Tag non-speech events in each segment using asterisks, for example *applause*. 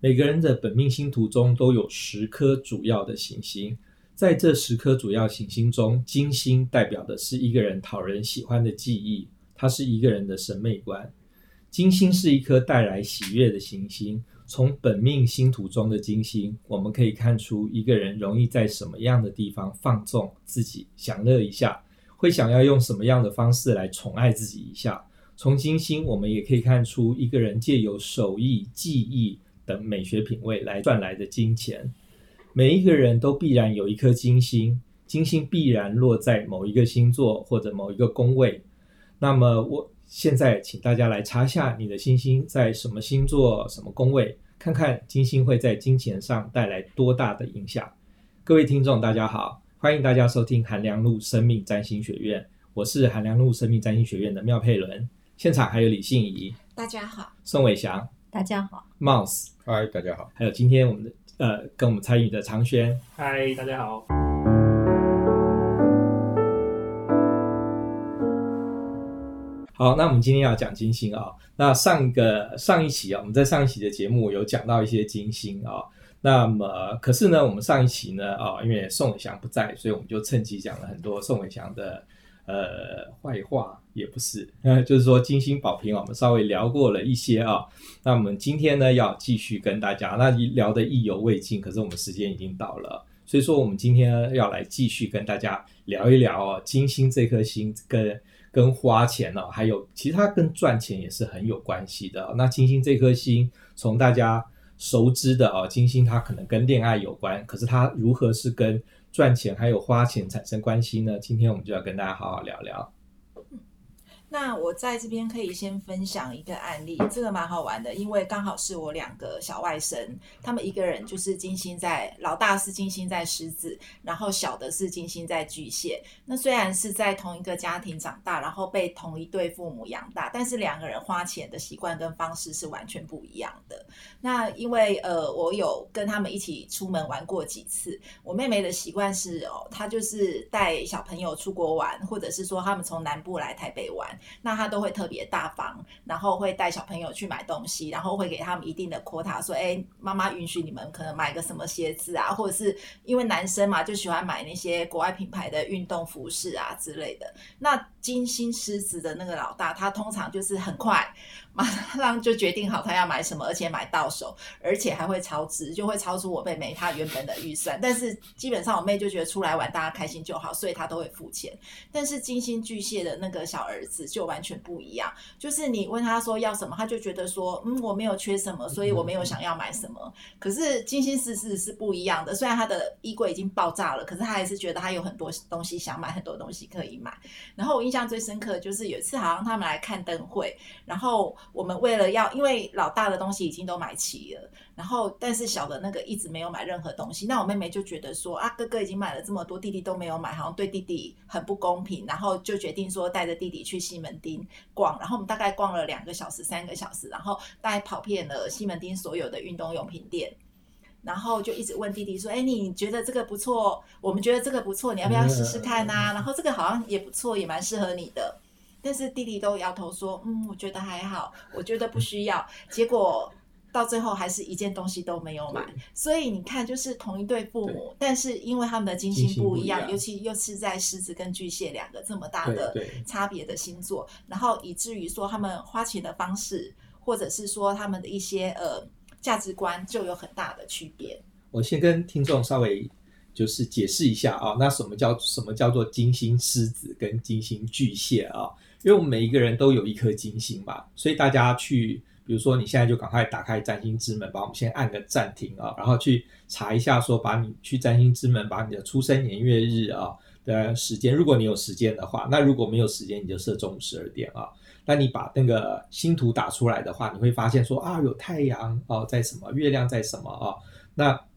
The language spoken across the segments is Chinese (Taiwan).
每個人的本命星圖中都有十顆主要的行星，在這十顆主要行星中，金星代表的是一個人討人喜歡的技藝，它是一個人的審美觀。金星是一顆帶來喜悅的行星，從本命星圖中的金星，我們可以看出一個人容易在什麼樣的地方放縱自己、享樂一下，會想要用什麼樣的方式來寵愛自己一下。從金星，我們也可以看出一個人借由手藝、技藝等美學品味來賺來的金錢，每一個人都必然有一顆金星，金星必然落在某一個星座或者某一個宮位。那麼，我現在請大家來查一下你的星星在什麼星座、什麼宮位，看看金星會在金錢上帶來多大的影響。各位聽眾，大家好，歡迎大家收聽韓良露生命占星學院，我是韓良露生命占星學院的妙佩倫，現場還有李信怡，大家好，宋偉翔。大家好，Mouse，嗨，大家好，還有今天我們的呃跟我們參與的長軒，嗨，大家好。好，那我們今天要講金星啊、哦，那上一個上一期啊、哦，我們在上一期的節目有講到一些金星啊、哦，那麼可是呢，我們上一期呢啊、哦，因為宋偉翔不在，所以我們就趁機講了很多宋偉翔的呃壞話。也不是，就是說金星寶瓶。我們稍微聊過了一些啊。那我們今天呢，要繼續跟大家那，聊得意猶未盡，可是我們時間已經到了，所以說我們今天要來繼續跟大家聊一聊哦，金星這顆星跟跟花錢呢，還有其實它跟賺錢也是很有關係的。那金星這顆星，從大家熟知的哦，金星它可能跟戀愛有關，可是它如何是跟賺錢還有花錢產生關係呢？今天我們就要跟大家好好聊聊。那我在這邊可以先分享一個案例，這個蠻好玩的，因為剛好是我兩個小外甥，他們一個人就是金星在，老大是金星在獅子，然後小的是金星在巨蟹。那雖然是在同一個家庭長大，然後被同一對父母養大，但是兩個人花錢的習慣跟方式是完全不一樣的。那因為呃，我有跟他們一起出門玩過幾次，我妹妹的習慣是哦，她就是帶小朋友出國玩，或者是說他們從南部來台北玩。那他都會特別大方，然後會帶小朋友去買東西，然後會給他們一定的 quota，說，哎、欸，媽媽允許你們可能買個什麼鞋子啊，或者是因為男生嘛，就喜歡買那些國外品牌的運動服飾啊之類的。那金星獅子的那個老大，他通常就是很快。馬上 *laughs* 就決定好他要買什麼，而且買到手，而且還會超支，就會超出我妹妹她原本的預算。但是基本上我妹就覺得出來玩大家開心就好，所以她都會付錢。但是金星巨蟹的那個小兒子就完全不一樣，就是你問他說要什麼，他就覺得說嗯，我沒有缺什麼，所以我沒有想要買什麼。可是金星獅子是不一樣的，雖然他的衣櫃已經爆炸了，可是他還是覺得他有很多東西想買，很多東西可以買。然後我印象最深刻就是有一次好像他們來看燈會，然後，我們為了要，因為老大的東西已經都買齊了，然後但是，小的那個一直沒有買任何東西，那我妹妹就覺得說啊，哥哥已經買了這麼多，弟弟都沒有買，好像對弟弟很不公平，然後就決定說帶着弟弟去西門町逛，然後我們大概逛了兩個小時、三個小時，然後大概跑遍了西門町所有的運動用品店，然後就一直問弟弟說，哎，你覺得這個不錯？我們覺得這個不錯，你要不要試試看吶、啊？有然後這個好像也不錯，也蠻適合你的。但是弟弟都搖頭說：“嗯，我覺得還好，我覺得不需要。”結果到最後還是一件東西都沒有買。對所以你看，就是同一對父母，對但是因為他們的金星不一樣，金星不一樣，尤其又是在獅子跟巨蟹兩個這麼大的差別的星座，然後以至於說他們花錢的方式，或者是說他們的一些呃價值觀就有很大的區別。我先跟聽眾稍微就是解釋一下啊，那什麼叫什麼叫做金星獅子跟金星巨蟹啊？因為我們每一個人都有一顆金星嘛，所以大家去，比如說你現在就趕快打開占星之門吧，把我們先按個暫停啊，然後去查一下說，把你去占星之門，把你的出生年月日啊的時間，如果你有時間的話，那如果沒有時間，你就設中午十二點啊，那你把那個星圖打出來的話，你會發現說啊，有太陽哦在什麼，月亮在什麼啊，那。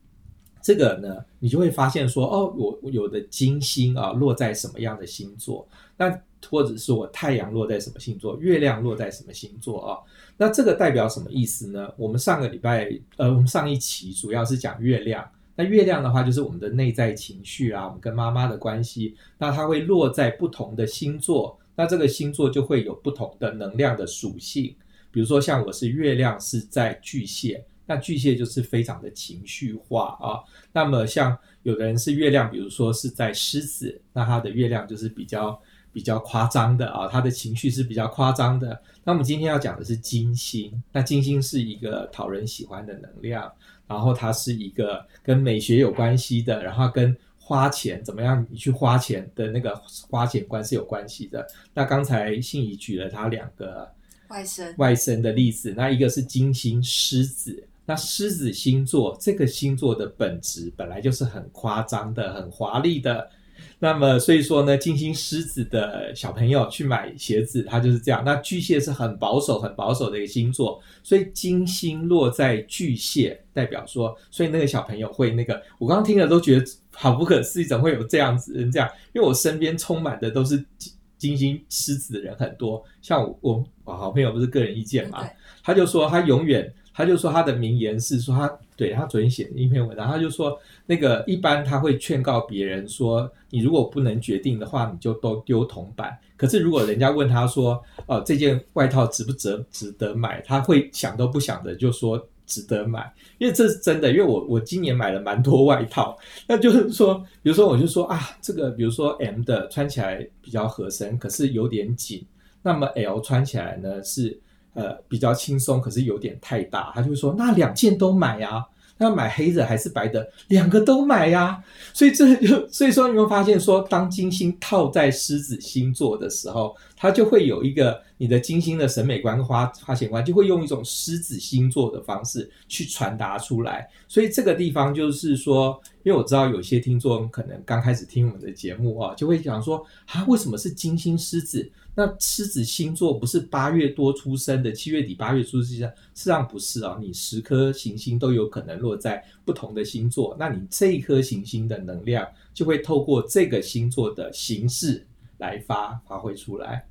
這個呢，你就會發現說，哦，我，我有的金星啊落在什麼樣的星座，那或者是我太陽落在什麼星座，月亮落在什麼星座啊？那這個代表什麼意思呢？我們上個禮拜，呃，我們上一期主要是講月亮。那月亮的話，就是我們的內在情緒啊，我們跟媽媽的關係。那它會落在不同的星座，那這個星座就會有不同的能量的屬性。比如說，像我是月亮是在巨蟹。那巨蟹就是非常的情緒化啊。那麼像有的人是月亮，比如說是在獅子，那他的月亮就是比較比較誇張的啊，他的情緒是比較誇張的。那我們今天要講的是金星，那金星是一個討人喜歡的能量，然後它是一個跟美學有關係的，然後跟花錢怎麼樣，你去花錢的那個花錢觀是有關係的。那剛才信宜舉了他兩個外甥外甥的例子，那一個是金星獅子。那獅子星座這個星座的本質本來就是很誇張的，很華麗的。那麼，所以說呢，金星獅子的小朋友去買鞋子，他就是這樣。那巨蟹是很保守、很保守的一個星座，所以金星落在巨蟹，代表說，所以那個小朋友會那個，我剛剛聽了都覺得好不可思議，怎會有這樣子人？這樣，因為我身邊充滿的都是金金星獅子的人很多，像我我，我好朋友不是個人意見嘛，Okay. 他就說他永遠。他就說他的名言是說，他對他昨天寫了一篇文章，然後他就說那個一般他會勸告別人說，你如果不能決定的話，你就都丟銅板。可是如果人家問他說，哦、呃、這件外套值不值值得買，他會想都不想的就說值得買，因為這是真的。因為我我今年買了蠻多外套，那就是說，比如說我就說啊，這個比如說 M 的穿起來比較合身，可是有點緊，那麼 L 穿起來呢是，呃，比較輕鬆，可是有點太大。他就會說：“那兩件都買呀！啊，那買黑的還是白的，兩個都買呀，啊。”所以這就，所以說，你會發現說，當金星套在獅子星座的時候，它就會有一個你的金星的審美觀、花花錢觀，就會用一種獅子星座的方式去傳達出來。所以這個地方就是說。因為我知道有些聽眾可能剛開始聽我們的節目啊，就會講說：“啊，為什麼是金星獅子？那獅子星座不是八月多出生的？七月底八月初，實際上實際上不是啊、哦！你十顆行星都有可能落在不同的星座，那你這一顆行星的能量就會透過這個星座的形式來發發揮出來。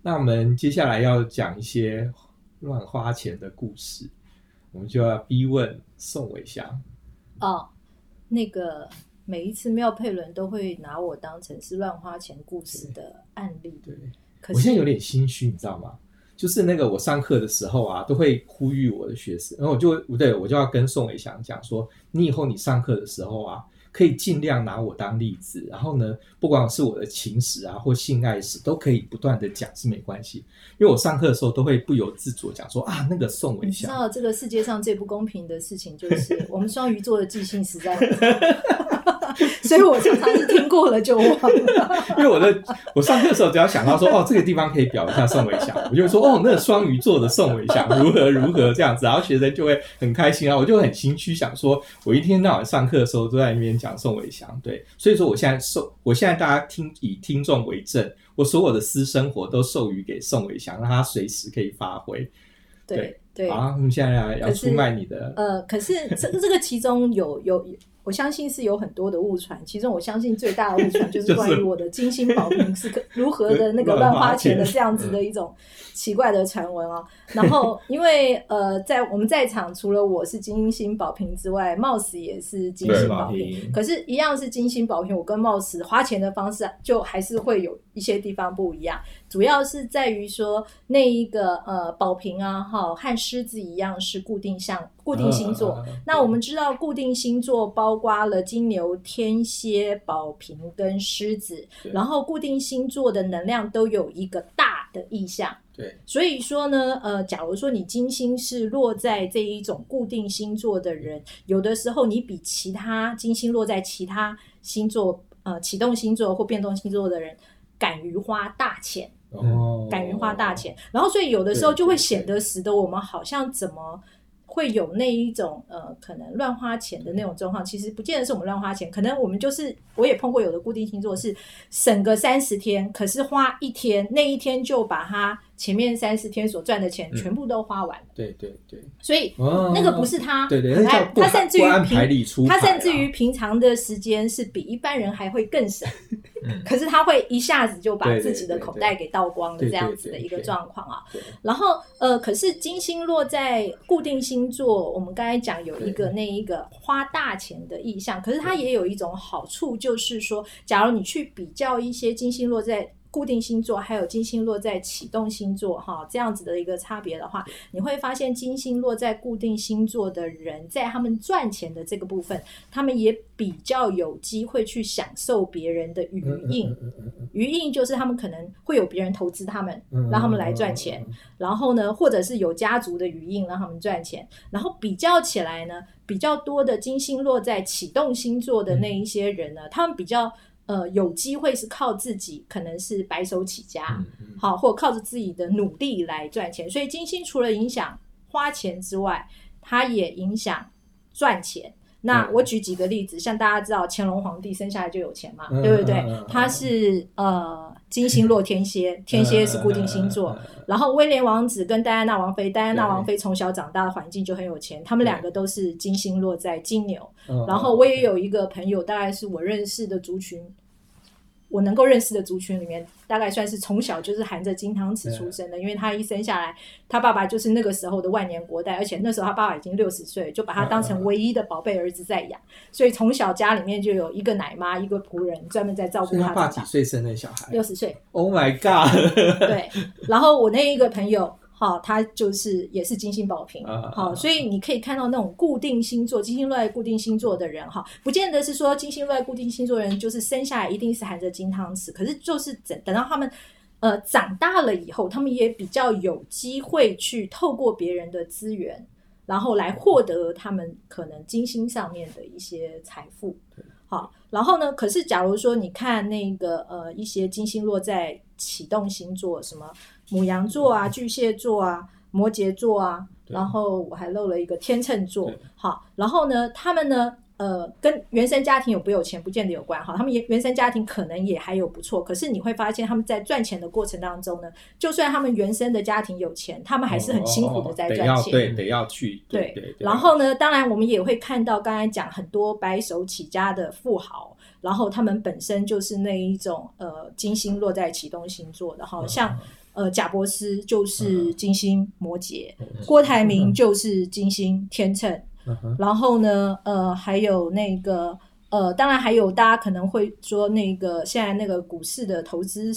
那我們接下來要講一些亂花錢的故事，我們就要逼問宋偉祥哦。Oh. 那個每一次妙配倫都會拿我當成是亂花錢故事的案例。對，我現在有點心虛，你知道嗎？就是那個我上課的時候啊，都會呼籲我的學生，然後我就對，我就要跟宋偉祥講說，你以後你上課的時候啊。可以儘量拿我當例子，然後呢，不管是我的情史啊或性愛史，都可以不斷的講是沒關係，因為我上課的時候都會不由自主講說啊，那個宋文霞，你知道這個世界上最不公平的事情就是 *laughs* 我們雙魚座的記性實在。 *laughs* *laughs* *laughs* 所以我就當時聽過了就忘了， *laughs* 因為我在我上課的時候，只要想到說，哦這個地方可以表一下宋偉祥，我就會說，哦那個雙魚座的宋偉祥如何如何這樣子，然後學生就會很開心啊，我就很心虛想說，我一天到晚上課的時候都在那邊講宋偉祥，對，所以說我現在授我現在大家聽以聽眾為證，我所有的私生活都授予給宋偉祥，讓他隨時可以發揮。對對啊，對好我們現在、啊、是要出賣你的呃，可是這這個其中有有。 *laughs* 我相信是有很多的誤傳，其中我相信最大的誤傳就是關於我的金星寶瓶是個如何的那個亂花錢的這樣子的一種奇怪的傳聞哦。然後因為呃，在我們在場除了我是金星寶瓶之外，冒死 *laughs* 也是金星寶瓶，瓶可是，一樣是金星寶瓶，我跟冒死花錢的方式就還是會有一些地方不一樣，主要是在於說那一個呃寶瓶啊，哈，和獅子一樣是固定相。固定星座，啊、那我們知道固定星座包括了金牛、對天蠍、寶瓶跟獅子。對然後固定星座的能量都有一個大的意向，對，所以說呢，呃，假如說你金星是落在這一種固定星座的人，有的時候你比其他金星落在其他星座，呃，啟動星座或變動星座的人，敢於花大錢，嗯、敢於花大錢。哦、然後所以有的時候就會顯得使得我們好像怎麼。會有那一種呃，可能亂花錢的那種狀況，其實不見得是我們亂花錢，可能我們就是，我也碰過有的固定星座是省個三十天，可是花一天，那一天就把它。前面三四天所賺的錢全部都花完了，對對對，所以那個不是他，對對，他甚至於他甚至於平常的時間是比一般人還會更省，可是他會一下子就把自己的口袋給倒光了，這樣子的一個狀況啊。然後呃，可是金星落在固定星座，我們剛才講有一個那一個花大錢的意向，可是它也有一種好處，就是說，假如你去比較一些金星落在。固定星座還有金星落在啟動星座，哈，這樣子的一個差別的話，你會發現金星落在固定星座的人，在他們賺錢的這個部分，他們也比較有機會去享受別人的餘蔭。餘蔭就是他們可能會有別人投資他們，讓他們來賺錢。然後呢，或者是有家族的餘蔭讓他們賺錢。然後比較起來呢，比較多的金星落在啟動星座的那一些人呢，他們比較，呃，有機會是靠自己，可能是白手起家， *laughs* 好，或者靠着自己的努力來賺錢。所以，金星除了影響花錢之外，它也影響賺錢。那我舉幾個例子，嗯、像大家知道乾隆皇帝生下來就有錢嘛，嗯、對不對？他是、嗯、呃金星落天蠍，嗯、天蠍是固定星座。嗯、然後威廉王子跟戴安娜王妃，戴安娜王妃從小長大的環境就很有錢，嗯、他們兩個都是金星落在金牛。嗯、然後我也有一個朋友，嗯、大概是我認識的族群。我能夠認識的族群裡面，大概算是從小就是含着金湯匙出生的，因為他一生下來，他爸爸就是那個時候的萬年國代，而且那時候他爸爸已經六十歲，就把他當成唯一的寶貝兒子在養，所以從小家裡面就有一個奶媽、一個僕人專門在照顧他。他爸幾歲生的小孩？六十歲。Oh my god！ *laughs* 對，然後我那一個朋友。好，它就是也是金星寶瓶，好，uh, uh, uh, uh. 所以你可以看到那種固定星座，金星落在固定星座的人，哈，不見得是說金星落在固定星座的人就是生下來一定是含着金湯匙，可是就是等等到他們呃長大了以後，他們也比較有機會去透過別人的資源，然後來獲得他們可能金星上面的一些財富。好，然後呢，可是假如說你看那個呃一些金星落在啟動星座什麼。母羊座啊，巨蟹座啊，摩羯座啊，對然後我還漏了一個天秤座。對好，然後呢，他們呢，呃，跟原生家庭有不有錢不見得有關哈。他們原原生家庭可能也還有不錯，可是你會發現他們在賺錢的過程當中呢，就算他們原生的家庭有錢，他們還是很辛苦的在賺錢，得要去對。然後呢，對當然我們也會看到剛才講很多白手起家的富豪，然後他們本身就是那一種呃，金星落在啟動星座的，好對像。呃，賈伯斯就是金星摩羯，uh huh. 郭台銘就是金星天秤，uh huh. 然後呢，呃，還有那個，呃，當然還有大家可能會說那個現在那個股市的投資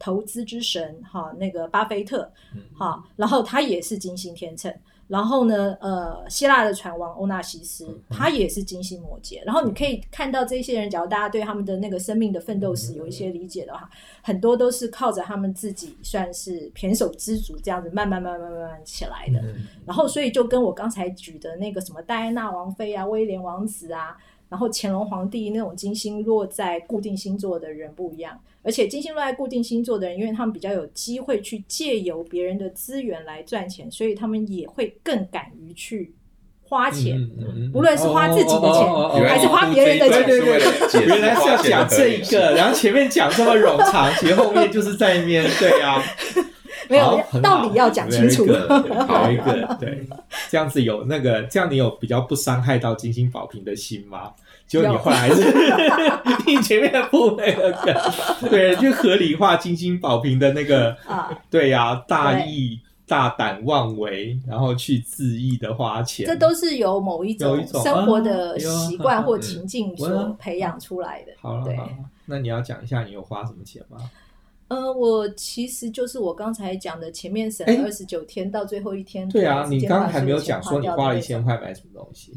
投資之神哈，uh huh. 啊，那個巴菲特，哈，uh huh. 啊，然後他也是金星天秤。然後呢，呃，希臘的船王歐納西斯，他也是金星摩羯。嗯、然後你可以看到這些人，假如大家對他們的那個生命的奮鬥史有一些理解的話，嗯嗯嗯、很多都是靠着他們自己算是胼手胝足這樣子，慢慢慢慢慢慢起來的。嗯嗯、然後，所以就跟我剛才舉的那個什麼戴安娜王妃啊、威廉王子啊，然後乾隆皇帝那種金星落在固定星座的人不一樣。而且金星落在固定星座的人，因為他們比較有機會去借由別人的資源來賺錢，所以他們也會更敢於去花錢，無、嗯嗯嗯、論是花自己的錢、哦哦哦、還是花別人的錢。對對、哦、對，對對對，原來是要講這一個， *laughs* 然後前面講這麼冗長，其實後面就是在面對啊，沒有道理要講清楚，一好一個對， *laughs* 這樣子有那個這樣，你有比較不傷害到金星寶瓶的心嗎？就你壞孩子，你前面不那個？對，就合理化精心保平的那個啊，對呀，大意大膽妄為，然後去恣意的花錢，這都是由某一種生活的習慣或情境所培養出來的。好了，對，那你要講一下你有花什麼錢嗎？嗯，我其實就是我剛才講的，前面省了二十九天到最後一天，對啊，你剛剛還沒有講說你花了一千塊買什麼東西。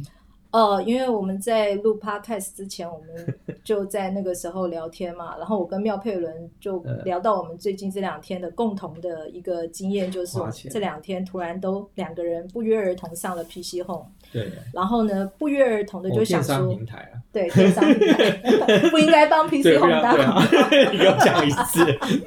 哦，因為我們在錄 podcast 之前，我們就在那個時候聊天嘛，然後我跟妙佩倫就聊到我們最近這兩天的共同的一個經驗，就是這兩天突然都兩個人不約而同上了 PC home，對，然後呢，不約而同的就想說平台啊，對，不應該幫 PC home 幫，你要講一次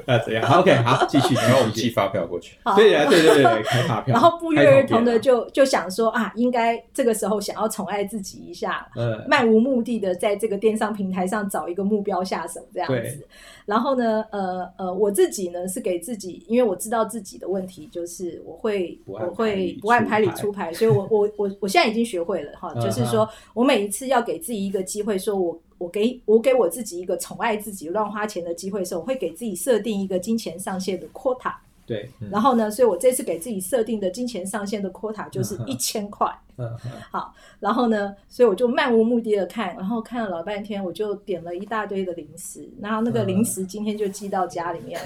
啊，這樣 OK，好，繼續，然後我們寄發票過去，對呀，對對對，開發票，然後不約而同的就就想說啊，應該這個時候想要寵愛自己。自己一下，漫無目的的在這個電商平台上找一個目標下手這樣子，對然後呢，呃呃，我自己呢是給自己，因為我知道自己的問題就是我會我會不按牌理出牌，所以我我我我現在已經學會了哈， *laughs* 就是說我每一次要給自己一個機會，說我我給我給我自己一個寵愛自己亂花錢的機會的時候，我會給自己設定一個金錢上限的 quota。對，然後呢，所以我這次給自己設定的金錢上限的 quota 就是一千塊。嗯，好，然後呢，所以我就漫無目的的看，然後看了老半天，我就點了一大堆的零食，然後那個零食今天就寄到家裡面。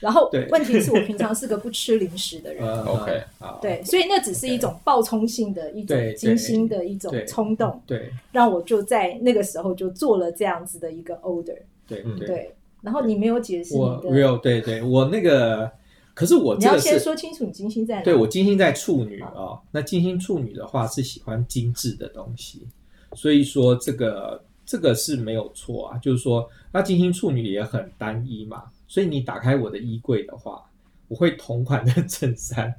然後問題是我平常是個不吃零食的人。OK，好。對，所以那只是一種爆衝性的一種、精心的一種衝動，對，讓我就在那個時候就做了這樣子的一個 order。對，對。然後你沒有解釋你的，沒有，對，對我那個。可是我是，你要先說清楚你金星在哪。對，我金星在處女哦。那金星處女的話是喜歡精緻的東西，所以說這個這個是沒有錯啊。就是說，那金星處女也很單一嘛，所以你打開我的衣櫃的話，我會同款的襯衫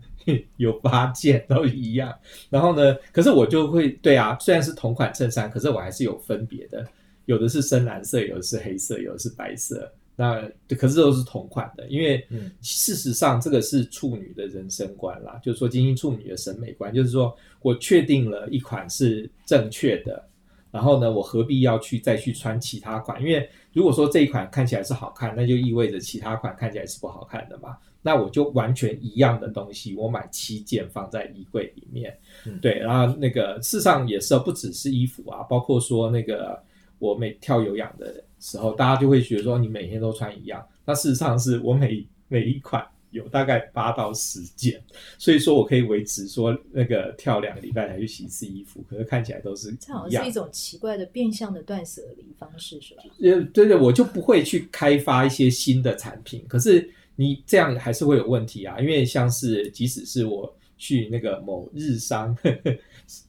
有八件都一樣。然後呢，可是我就會，對啊，雖然是同款襯衫，可是我還是有分別的，有的是深藍色，有的是黑色，有的是白色。那可是都是同款的，因為事實上這個是處女的人生觀啦，嗯、就是說精英處女的審美觀，就是說我確定了一款是正確的，然後呢，我何必要去再去穿其他款？因為如果說這一款看起來是好看，那就意味着其他款看起來是不好看的嘛。那我就完全一樣的東西，我買七件放在衣櫃裡面，嗯、對，然後那個事實上也是不只是衣服啊，包括說那個我每跳有氧的時候，大家就會覺得說你每天都穿一樣，那事實上是我每每一款有大概八到十件，所以說我可以維持說那個跳兩個禮拜才去洗一次衣服，可是看起來都是這樣，這好像是一種奇怪的變相的斷舍離方式，是吧？也對，對對，我就不會去開發一些新的產品。可是你這樣還是會有問題啊，因為像是即使是我去那個某日商，呵呵，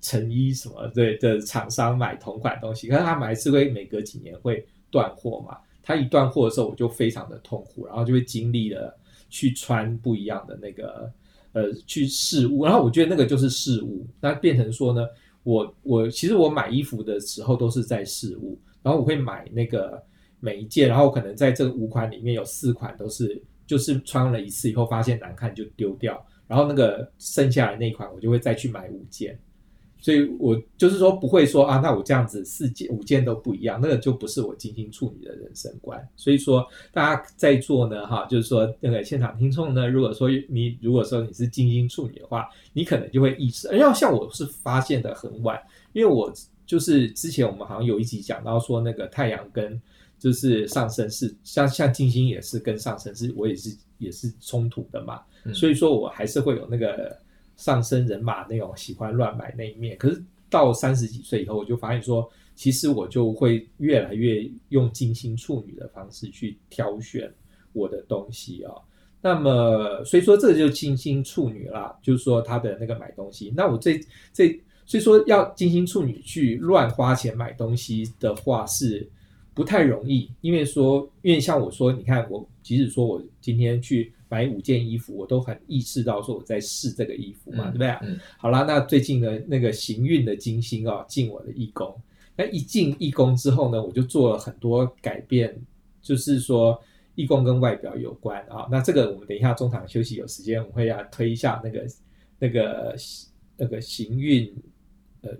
成衣什麼，對的廠商買同款東西，可是他買一次會每隔幾年會。斷貨嘛，它一斷貨的時候，我就非常的痛苦，然後就會經歷了去穿不一樣的那個呃去試物，然後我覺得那個就是事物，那變成說呢，我我其實我買衣服的時候都是在試物，然後我會買那個每一件，然後可能在這個五款裡面有四款都是就是穿了一次以後發現難看就丟掉，然後那個剩下的那一款我就會再去買五件。所以，我就是說，不會說啊，那我這樣子四件五件都不一樣，那個就不是我金星處女的人生觀。所以說，大家在座呢，哈，就是說那個現場聽眾呢，如果說你如果說你是金星處女的話，你可能就會意識。哎呀像我是發現的很晚，因為我就是之前我們好像有一集講到說，那個太陽跟就是上升是像像金星也是跟上升是，我也是也是衝突的嘛，嗯、所以說我還是會有那個。上升人馬那種喜歡亂買那一面，可是到三十幾歲以後，我就發現說，其實我就會越來越用金星處女的方式去挑選我的東西哦。那麼，所以說這就金星處女啦，就是說他的那個買東西。那我這這，所以說要金星處女去亂花錢買東西的話是不太容易，因為說，因為像我說，你看我，即使說我今天去。買五件衣服，我都很意識到說我在試這個衣服嘛，嗯、對不對？好啦，那最近的那個行運的金星啊，進我的一宮，那一進一宮之後呢，我就做了很多改變，就是說一宮跟外表有關啊、喔。那這個我們等一下中場休息有時間，我們會要推一下那個那個那個行運呃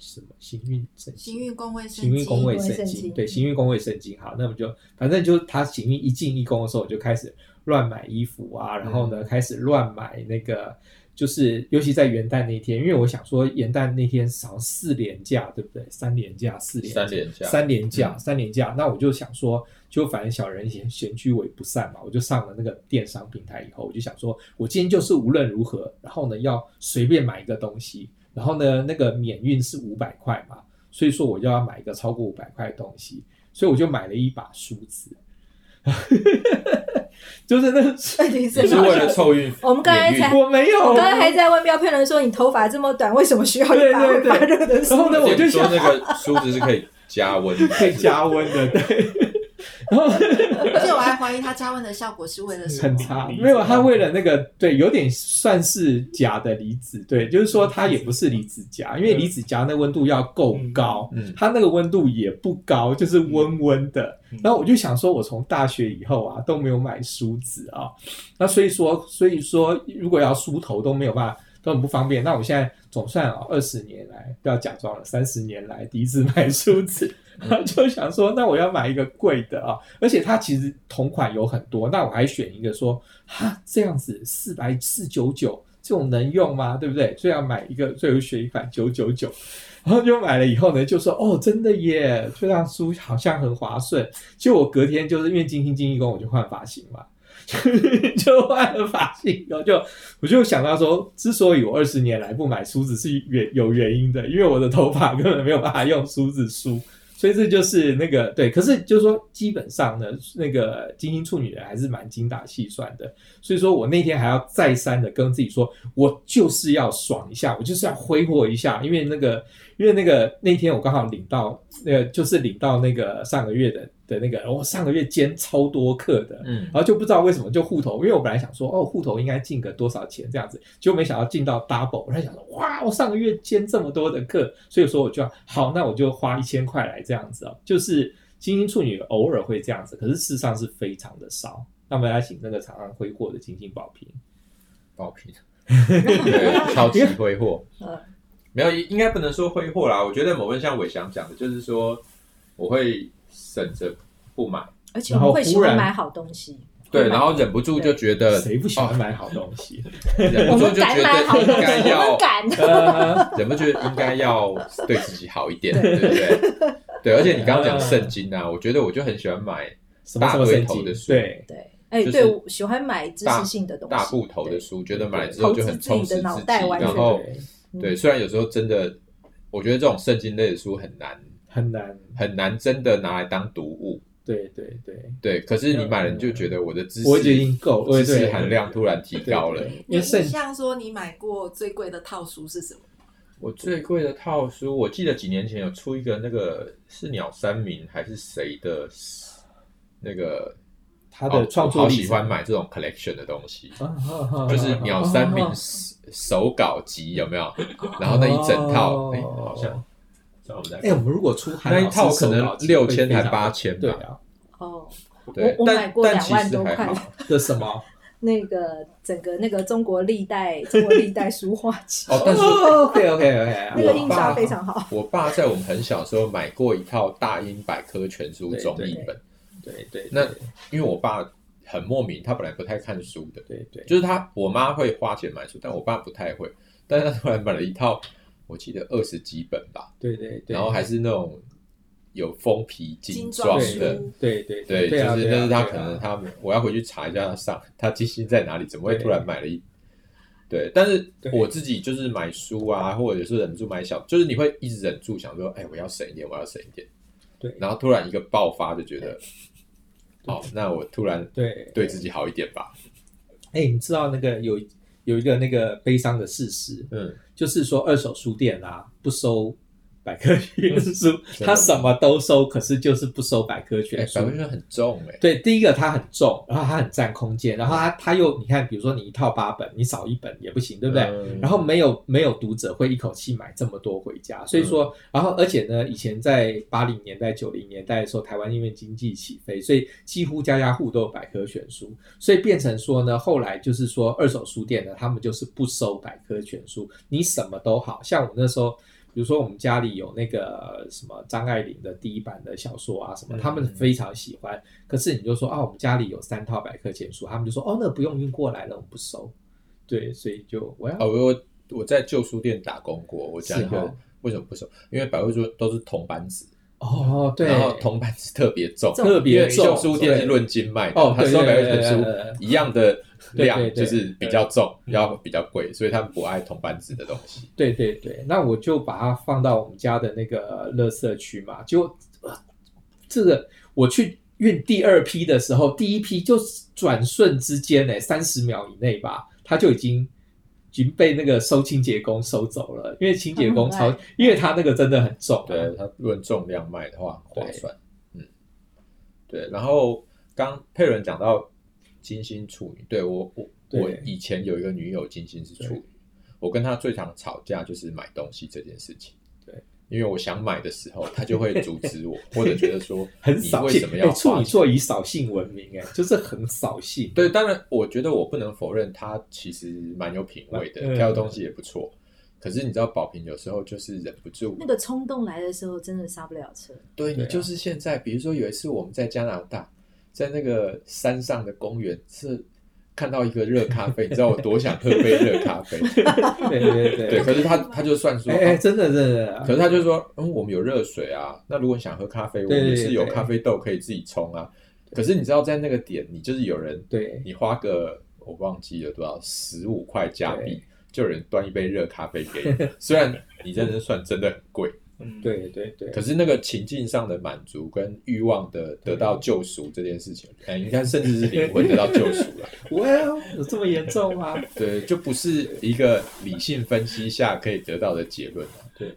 什麼行運行運宮位行運宮位聖經，對，行運宮位聖經。好，那我們就反正就他行運一進一宮的時候，我就開始。亂買衣服啊，然後呢，開始亂買那個，嗯、就是尤其在元旦那天，因為我想說，元旦那天上四連假，對不對？三連假、四連三連假、三連假、三連假，那我就想說，就反正小人閒閒居為不善嘛，我就上了那個電商平台以後，我就想說，我今天就是無論如何，然後呢，要隨便買一個東西，然後呢，那個免運是五百塊嘛，所以說我就要買一個超過五百塊的東西，所以我就買了一把梳子。 *laughs* 就是那，只 *laughs* 是為了臭暈。韻我們剛才我沒有，剛才還在問標配人說：“你頭髮這麼短，為什麼需要一把發熱的？”然後呢，我就想那個梳子是可以加溫， *laughs* 可以加溫的， *laughs* 對。 *laughs* 然後，而且 *laughs* *laughs* 我還懷疑它加溫的效果是為了什麼、啊。沒有，它為，為了那個對，有點算是假的離子，對，就是說它也不是離子夾，因為離子夾那溫度要夠高，它、嗯嗯、那個溫度也不高，就是溫溫的。嗯、然後我就想說，我從大學以後啊，都沒有買梳子啊，那所以說所以說如果要梳頭都沒有辦法，都很不方便。那我現在總算二十年來不要假裝了，三十年來第一次買梳子。 *laughs* 然後就想說，那我要買一個貴的啊、哦，而且它其實同款有很多，那我還選一個說，啊這樣子四百四九九這種能用嗎？對不對？所以要買一個，最後選一款九九九，然後就買了以後呢，就說哦真的耶，這把梳好像很滑順’。其實我隔天就是因為精心精一工，我就換髮型嘛，就，就換了髮型，然後就我就想到說，之所以我二十年來不買梳子是原有原因的，因為我的頭髮根本沒有辦法用梳子梳。所以這就是那個對，可是就是說，基本上呢，那個金星處女人還是蠻精打細算的。所以說我那天還要再三的跟自己說，我就是要爽一下，我就是要揮霍一下，因為那個。因為那個那天我剛好領到那個，就是領到那個上個月的的那個，我、哦、上個月兼超多課的，嗯，然後就不知道為什麼就戶頭，因為我本來想說，哦，戶頭應該進個多少錢這樣子，結果沒想到進到 double，我還想說，哇，我、哦、上個月兼這麼多的課，所以說我就好，那我就花一千塊來這樣子哦，就是金星處女偶爾會這樣子，可是事實上是非常的少，那麼來請那個常常揮霍的金星寶瓶，寶瓶，超級揮霍。 *laughs* 沒有，應該不能說揮霍啦。我覺得某位像偉翔講的，就是說我會省着不買，而且我會忽然買好東西。對，然後忍不住就覺得誰不喜歡買好東西？忍不住就覺得應該要，忍不住覺得應該要對自己好一點，對不對？對，而且你剛剛講聖經啊，我覺得我就很喜歡買大部頭的書，對對，哎，對，喜歡買知識性的東西，大部頭的書，覺得買之後就很充實的腦袋，然後。對，雖然有時候真的，我覺得這種聖經類的書很難，很難，很難真的拿來當讀物。對對對對，可是你買了你就覺得我的知識我已經夠，知識含量突然提高了。對對對對，你像說，你買過最貴的套書是什麼？我最貴的套書，我記得幾年前有出一個，那個是鳥山明還是誰的，那個。他的創作力，我好喜歡買這種 collection 的東西，就是秒三名手稿集有沒有？然後那一整套，哎，我們如果出海，那一套可能六千還八千吧，對哦，對，但但其實還好，這什麼？那個整個那個中國歷代中國歷代書畫集，哦，但是對 OK OK，那個印刷非常好。我爸在我們很小時候買過一套大英百科全書中譯本。對對，對，那因為我爸很莫名，他本來不太看書的。對對，對，就是他，我媽會花錢買書，但我爸不太會。但是他突然買了一套，我記得二十幾本吧。對對，對，對然後還是那種有封皮精裝的。對對對，對，就是，但是他可能他，我要回去查一下他上他金星在哪裡，怎麼會突然買了一？對，但是我自己就是買書啊，或者是忍住買小，就是你會一直忍住想說，哎、欸，我要省一點，我要省一點。對，對，然後突然一個爆發就覺得。對，哦，那我突然對，對自己好一點吧。哎、欸，你知道那個有有一個那個悲傷的事實，嗯，就是說二手書店啊，不收，百科全書，它、嗯、什麼都收，可是就是不收百科全書。欸、百科全書很重，欸、對，第一個它很重，然後它很占空間，然後它、它、嗯、又你看，比如說你一套八本，你少一本也不行，對不對？嗯、然後沒有沒有讀者會一口氣買這麼多回家，所以說，然後而且呢，以前在八零年代、九零年代的時候，台灣因為經濟起飛，所以幾乎家家戶都有百科全書，所以變成說呢，後來就是說二手書店呢，他們就是不收百科全書，你什麼都好像我那時候。比如說，我們家裡有那個什麼張愛玲的第一版的小說啊，什麼他、嗯、們非常喜歡。可是你就說啊，我們家裡有三套百科全書，他們就說哦，那不用運過來了，我們不收。對，所以就我要。哦，我我在舊書店打工過，我講一個、哦、為什麼不收，因為百科書都是銅板紙哦，對，然後銅板紙特別重，特別重。舊書店是論斤賣的以哦，他收說百科全書一樣的？嗯對呀，就是比較重，要比較貴，對所以他們不愛銅版紙的東西。對對對，那我就把它放到我們家的那個垃圾區嘛。就、呃、這個，我去運第二批的時候，第一批就轉瞬之間、欸，哎，三十秒以內吧，它就已經已經被那個收清潔工收走了。因為清潔工超，嗯、因為他那個真的很重、啊，對，他論重量賣的話划算。對嗯，對。然後剛佩倫講到。金星處女，對，我我我以前有一個女友，金星是處女，我跟她最常吵架就是買東西這件事情。對，因為我想買的時候，她就會阻止我，或者覺得說很掃興。處女座以掃興聞名，哎，就是很掃興。對，當然我覺得我不能否認，她其實蠻有品味的，挑東西也不錯。可是你知道，寶瓶有時候就是忍不住，那個衝動來的時候，真的剎不了車。對，你就是現在，比如說有一次我們在加拿大。在那個山上的公園，是看到一個熱咖啡，你知道我多想喝杯熱咖啡。 *laughs* 對對對，對，對。可是他他就算說，哎、啊欸欸，真的真的，啊。可是他就說，嗯，我們有熱水啊，那如果想喝咖啡，我們是有咖啡豆可以自己沖啊。對對對，可是你知道，在那個點，你就是有人，對，你花個我忘記了多少十五塊加幣，對就有人端一杯熱咖啡給你。 *laughs* 雖然你認真算，真的很貴。對對、嗯、對，對對可是那個情境上的滿足跟欲望的得到救贖這件事情，你看甚至是你會得到救贖了， *laughs* 哇，有這麼嚴重嗎？對，就不是一個理性分析下可以得到的結論。對，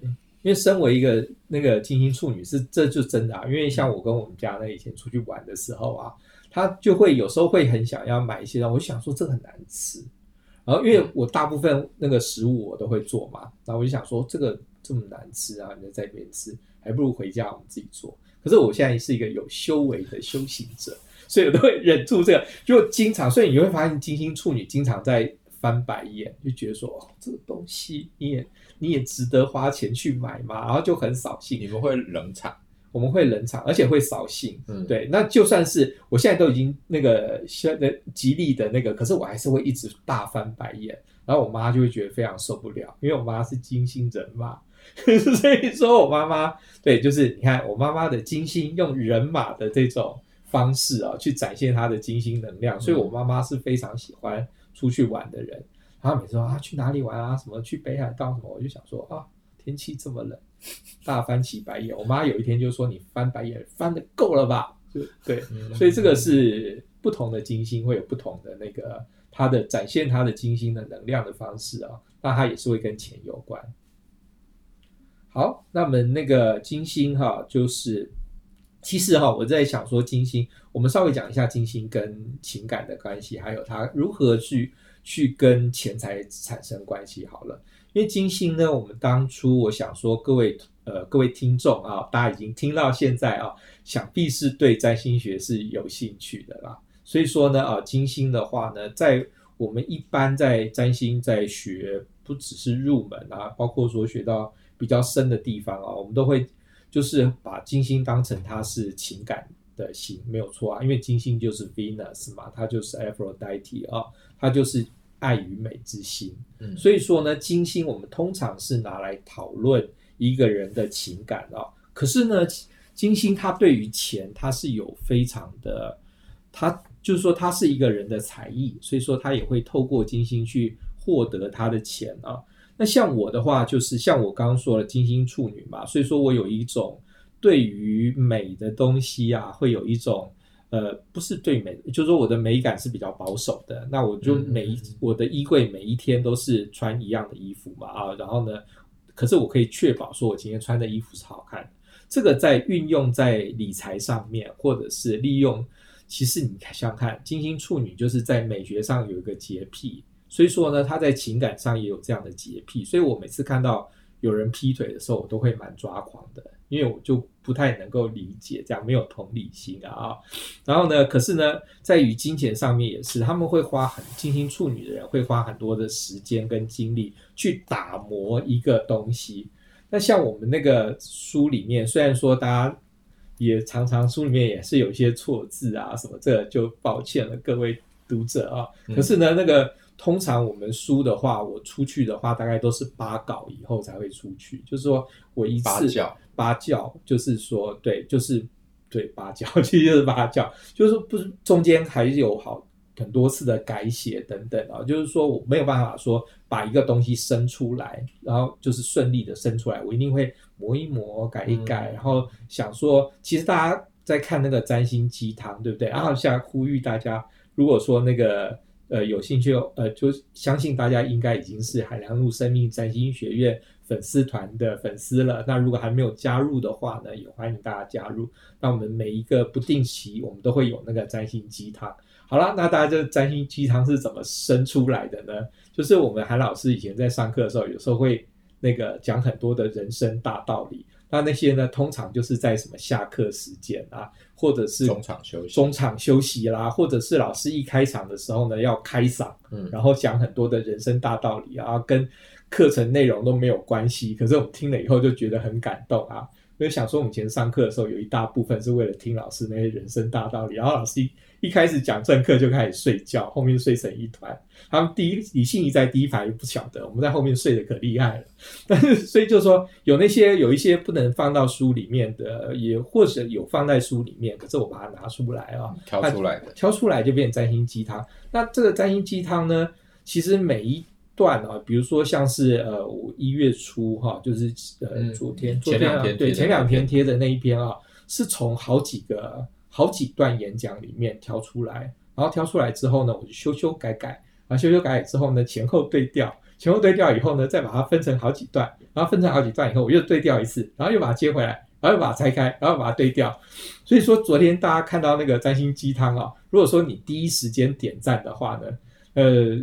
因為身為一個那個金星處女，是這就真的啊。因為像我跟我們家那以前出去玩的時候啊，她、嗯、就會有時候會很想要買一些，我就想說這很難吃，然後因為我大部分那個食物我都會做嘛，那我就想說這個。這麼難吃啊！你在外面吃，還不如回家我們自己做。可是我現在是一個有修為的修行者，所以我都會忍住這個。就經常，所以你會發現金星處女經常在翻白眼，就覺得說哦，這個東西你也你也值得花錢去買嗎？然後就很掃興。你們會冷場，我們會冷場，而且會掃興。嗯，對，那就算是我現在都已經那個消的極力的那個，可是我還是會一直大翻白眼。然後我媽就會覺得非常受不了，因為我媽是金星人嘛。 *laughs* 所以說我媽媽對，就是你看我媽媽的金星用人馬的這種方式啊、喔，去展現她的金星能量。所以，我媽媽是非常喜歡出去玩的人。然後、嗯、每次說啊去哪裡玩啊，什麼去北海道什麼，我就想說啊，天氣這麼冷，大翻起白眼。 *laughs* 我媽有一天就說：“你翻白眼翻得夠了吧？”就對，所以這個是不同的金星會有不同的那個她的展現她的金星的能量的方式啊、喔。那她也是會跟錢有關。好，那我們那個金星哈、啊，就是其實哈、啊，我在想說金星，我們稍微講一下金星跟情感的關係，還有它如何去去跟錢財產生關係。好了，因為金星呢，我們當初我想說各位呃各位聽眾啊，大家已經聽到現在啊，想必是對占星學是有興趣的啦。所以說呢啊，金星的話呢，在我們一般在占星在學，不只是入門啊，包括說學到。比較深的地方啊、哦，我們都會就是把金星當成他是情感的星，沒有錯啊，因為金星就是 Venus 嘛，它就是 Aphrodite 啊、哦，它就是愛與美之心。嗯、所以說呢，金星我們通常是拿來討論一個人的情感啊、哦。可是呢，金星它對於錢它是有非常的，它就是說它是一個人的才藝，所以說他也會透過金星去獲得他的錢啊、哦。那像我的話，就是像我剛剛說的金星處女嘛，所以說我有一種對於美的東西啊，會有一種呃，不是對美，就是說我的美感是比較保守的。那我就每一，嗯嗯嗯，我的衣櫃每一天都是穿一樣的衣服嘛啊，然後呢，可是我可以確保說我今天穿的衣服是好看的。這個在運用在理財上面，或者是利用，其實你想想看，金星處女就是在美學上有一個潔癖。所以說呢，他在情感上也有這樣的潔癖，所以我每次看到有人劈腿的時候，我都會蠻抓狂的，因為我就不太能夠理解這樣沒有同理心啊、哦。然後呢，可是呢，在於金錢上面也是，他們會花很金星處女的人會花很多的時間跟精力去打磨一個東西。那像我們那個書裡面，雖然說大家也常常書裡面也是有一些錯字啊什麼、這個，這就抱歉了各位讀者啊。可是呢，嗯、那個。通常我們書的話，我出去的話，大概都是八稿以後才會出去。就是說我一次八稿，就是說對，就是對八稿，其實就是八稿，就是不是中間還有好很多次的改寫等等啊。就是說我沒有辦法說把一個東西生出來，然後就是順利的生出來，我一定會磨一磨，改一改，嗯、然後想說，其實大家在看那個《占星雞湯》，對不對？然後想呼籲大家，如果說那個。呃，有興趣呃，就相信大家應該已經是韓良露生命占星學院粉絲團的粉絲了。那如果還沒有加入的話呢，也歡迎大家加入。那我們每一個不定期，我們都會有那個占星雞湯。好了，那大家這占星雞湯是怎麼生出來的呢？就是我們韓老師以前在上課的時候，有時候會那個講很多的人生大道理。那那些呢，通常就是在什麼下課時間啊，或者是中場休息、中場休息啦，或者是老師一開場的時候呢，要開嗓，嗯，然後講很多的人生大道理啊，跟課程內容都沒有關係，可是我們聽了以後就覺得很感動啊，因為想說我們以前上課的時候有一大部分是為了聽老師那些人生大道理，然後老師。一開始講正課就開始睡覺，後面睡成一團。他們第一李信一在第一排又不曉得，我們在後面睡得可厲害了。但 *laughs* 是所以就是說有那些有一些不能放到書裡面的，也或是有放在書裡面，可是我把它拿出來啊、喔，挑出來的，挑出來就變成占星雞湯。那這個占星雞湯呢，其實每一段啊、喔，比如說像是呃一月初哈、喔，就是呃昨天昨、嗯、天對前兩天貼的那一篇啊、喔，是從好幾個。好幾段演講裡面挑出來，然後挑出來之後呢，我就修修改改，啊，修修改改之後呢，前後對調，前後對調以後呢，再把它分成好幾段，然後分成好幾段以後，我又對調一次，然後又把它接回來，然後又把它拆開，然後把它對調。所以說，昨天大家看到那個《占星雞湯》哦啊，如果說你第一時間點讚的話呢，呃。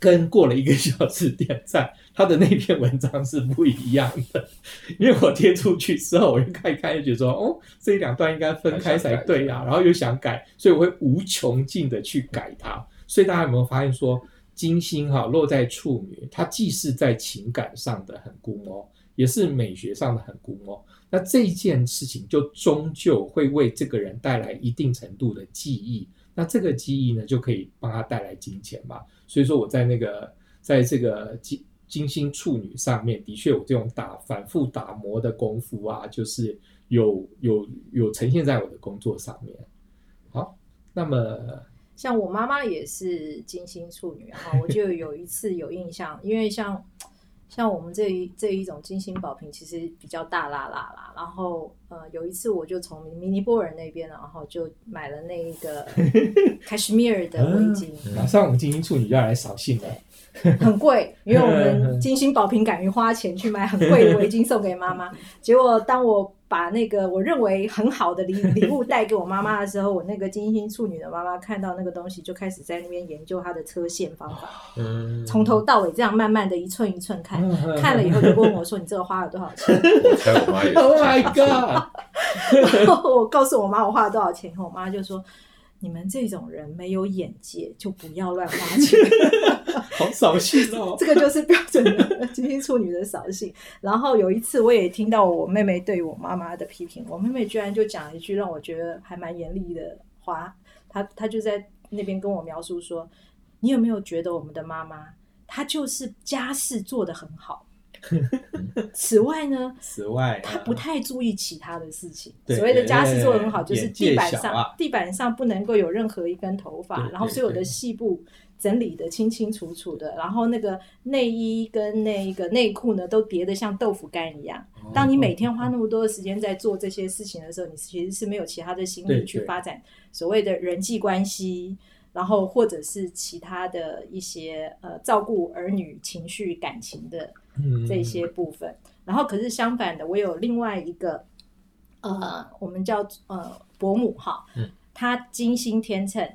跟過了一個小時點讚他的那篇文章是不一樣的， *laughs* 因為我貼出去之後，我就看一看，覺得說哦，這兩段應該分開才對呀，啊，然後又想改，所以我會無窮盡的去改它。嗯、所以大家有沒有發現說，金星哈、啊、落在處女，它既是在情感上的很龜毛，也是美學上的很龜毛。那這件事情就終究會為這個人帶來一定程度的技藝。那這個技藝呢，就可以幫他帶來金錢嘛。所以說我在那個在這個金金星處女上面，的確我這種打反覆打磨的功夫啊，就是有有有呈現在我的工作上面。好，那麼像我媽媽也是金星處女啊，我就有一次有印象， *laughs* 因為像。像我們這一這一種金星寶瓶，其實比較大剌剌啦。然後，呃，有一次我就從迷尼尼泊爾那邊，然後就買了那一個喀什米爾的圍巾、 *laughs* 啊。馬上，我們金星處女就要來掃興了。 *laughs* 很貴，因為我們金星寶瓶敢於花錢去買很貴的圍巾送給媽媽。結果，當我。把那個我認為很好的禮禮物帶給我媽媽的時候，我那個金星處女的媽媽看到那個東西，就開始在那邊研究她的車線方法，從頭到尾這樣慢慢的一寸一寸看，嗯、看了以後就問我：說你這個花了多少錢？Oh my God！然後我告訴我媽我花了多少錢，以後我媽就說：你們這種人沒有眼界，就不要亂花錢。 *laughs* *laughs* 好掃興哦！ *laughs* 這個就是標準的金星處女的掃興。然後有一次，我也聽到我妹妹對我媽媽的批評，我妹妹居然就講了一句讓我覺得還蠻嚴厲的話。她她就在那邊跟我描述說：“你有沒有覺得我們的媽媽她就是家事做得很好？ *laughs* 此外呢，此外、啊、她不太注意其他的事情。所謂的家事做得很好，就是地板上、啊、地板上不能夠有任何一根頭髮，對對對然後所有的細部。”整理的清清楚楚的，然後那個內衣跟那個內褲呢，都疊的像豆腐乾一樣。當你每天花那麼多的時間在做這些事情的時候，你其實是沒有其他的心力去發展所謂的人際關係，對對，然後或者是其他的一些呃照顧兒女情緒感情的這些部分。嗯、然後可是相反的，我有另外一個、嗯、呃，我們叫呃伯母哈，她、嗯、金星天秤。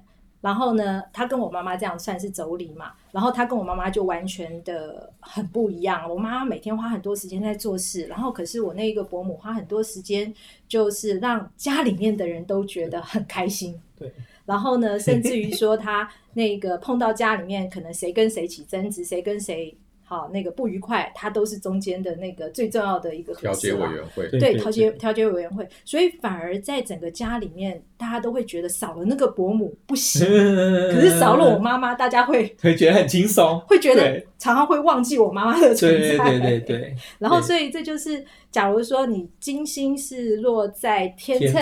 然後呢，他跟我媽媽這樣算是妯娌嘛。然後他跟我媽媽就完全的很不一樣。我媽媽每天花很多時間在做事，然後可是我那個伯母花很多時間，就是讓家裡面的人都覺得很開心。對。對，然後呢，甚至於說他那個碰到家裡面可能誰跟誰起爭執，誰跟誰。好，那個不愉快，他都是中間的那個最重要的一個調解委員會，對，對，對，對，調解調解委員會，所以反而在整個家裡面，大家都會覺得少了那個伯母不行，嗯、可是少了我媽媽，大家會會覺得很輕鬆，會覺得對常常會忘記我媽媽的存在。對，對對對對，然後所以這就是。假如說你金星是落在天秤，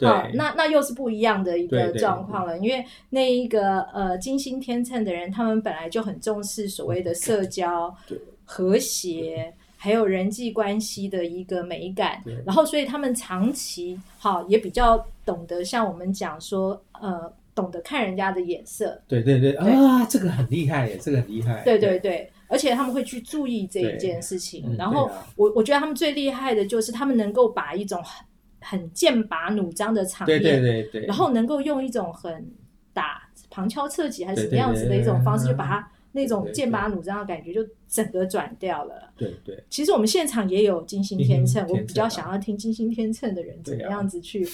好，那那又是不一樣的一個狀況了，對對對，因為那一個呃金星天秤的人，他們本來就很重視所謂的社交和、和諧，還有人際關係的一個美感，對對對，然後所以他們長期哈、喔、也比較懂得像我們講說，呃，懂得看人家的眼色。對對對，對啊，這個很厲害耶，這個很厲害。對，對對對。對而且他們會去注意這一件事情，嗯、然後我、啊、我覺得他們最厲害的就是他們能夠把一種很很劍拔弩張的場面，對對對對，然後能夠用一種很打旁敲側擊還是什麼樣子的一種方式，對對對對，就把他那種劍拔弩張的感覺就整個轉掉了。對,對對，其實我們現場也有金星天秤，對對對，我比較想要聽金星天秤的人怎麼樣,樣子去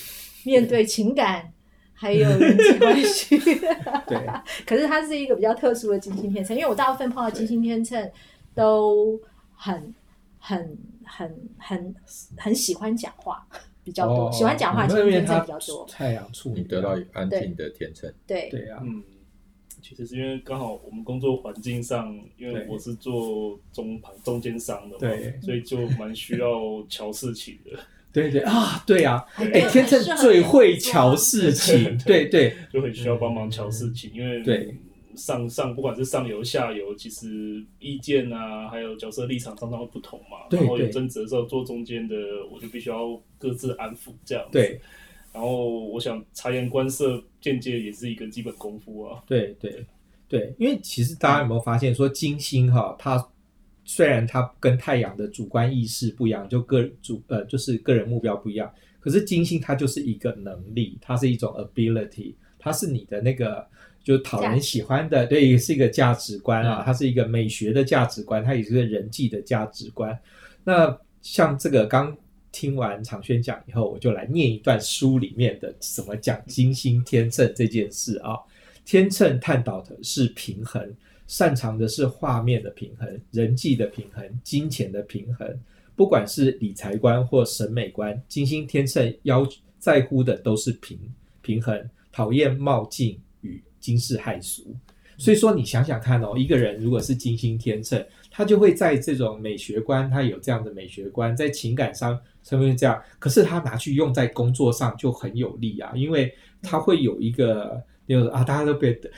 面對情感。對對對對對對對還有人際關係、 *laughs* 啊，對。 *laughs* 可是它是一個比較特殊的金星天秤，因為我大部分碰到金星天秤，都很、很、很、很、很喜歡講話，比較多、哦、喜歡講話。人才比較多，太陽處女、啊、得到安靜的天秤，對對啊，嗯，其實是因為剛好我們工作環境上，因為我是做中盤對中間商的嘛，對所以就蠻需要喬事情的。 *laughs* 對對啊，對啊。哎對，誒天秤最會喬事情，對對，就很需要幫忙喬事情，嗯、因為上、嗯、對上上不管是上游下游，其實意見啊，還有角色立場常常會不同嘛，對然後有爭執的時候，做中間的我就必須要各自安撫這樣子，對，然後我想察言觀色，間接也是一個基本功夫啊，對對對，因為其實大家有沒有發現說金星哈、啊嗯、它。雖然它跟太陽的主觀意識不一樣，就個主呃就是個人目標不一樣，可是金星它就是一個能力，它是一種 ability，它是你的那個就討人喜歡的，價值。對，是一個價值觀啊，嗯、它是一個美學的價值觀，它也是一個人際的價值觀。那像這個剛聽完長軒講以後，我就來念一段書裡面的怎麼講金星天秤這件事啊。天秤探討的是平衡。擅長的是畫面的平衡，人際的平衡，金錢的平衡。不管是理財觀或審美觀，金星天秤要在乎的都是平平衡，討厭冒進與驚世駭俗。所以說，你想想看哦，一個人如果是金星天秤，他就會在這種美學觀，他有這樣的美學觀，在情感上成為這樣，可是他拿去用在工作上就很有利啊，因為他會有一個那種啊，大家都別。對。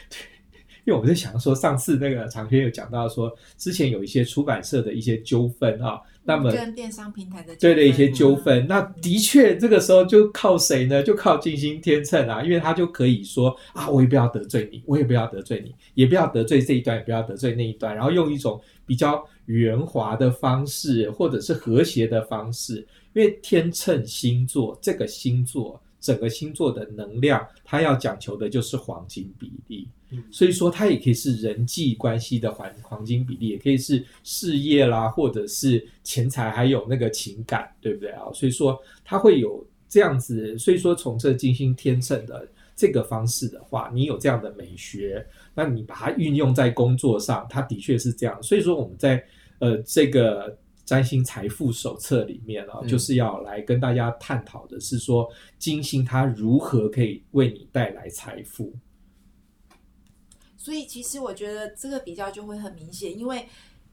因為我在想說，上次那個長篇有講到說，之前有一些出版社的一些糾紛啊,那麼跟電商平台的對的一些糾紛，那的確這個時候就靠誰呢？就靠金星天秤啊，因為他就可以說啊，我也不要得罪你，我也不要得罪你，也不要得罪這一端，也不要得罪那一端，然後用一種比較圓滑的方式或者是和諧的方式，因為天秤星座這個星座。整個星座的能量，它要講求的就是黃金比例，所以說它也可以是人際關係的黃黃金比例，也可以是事業啦，或者是錢財，還有那個情感，對不對啊？所以說它會有這樣子，所以說從這金星天秤的這個方式的話，你有這樣的美學，那你把它運用在工作上，它的確是這樣。所以說我們在呃這個。占星財富手冊裡面啊，嗯、就是要來跟大家探討的是說，金星它如何可以為你帶來財富。所以其實我覺得這個比較就會很明顯，因為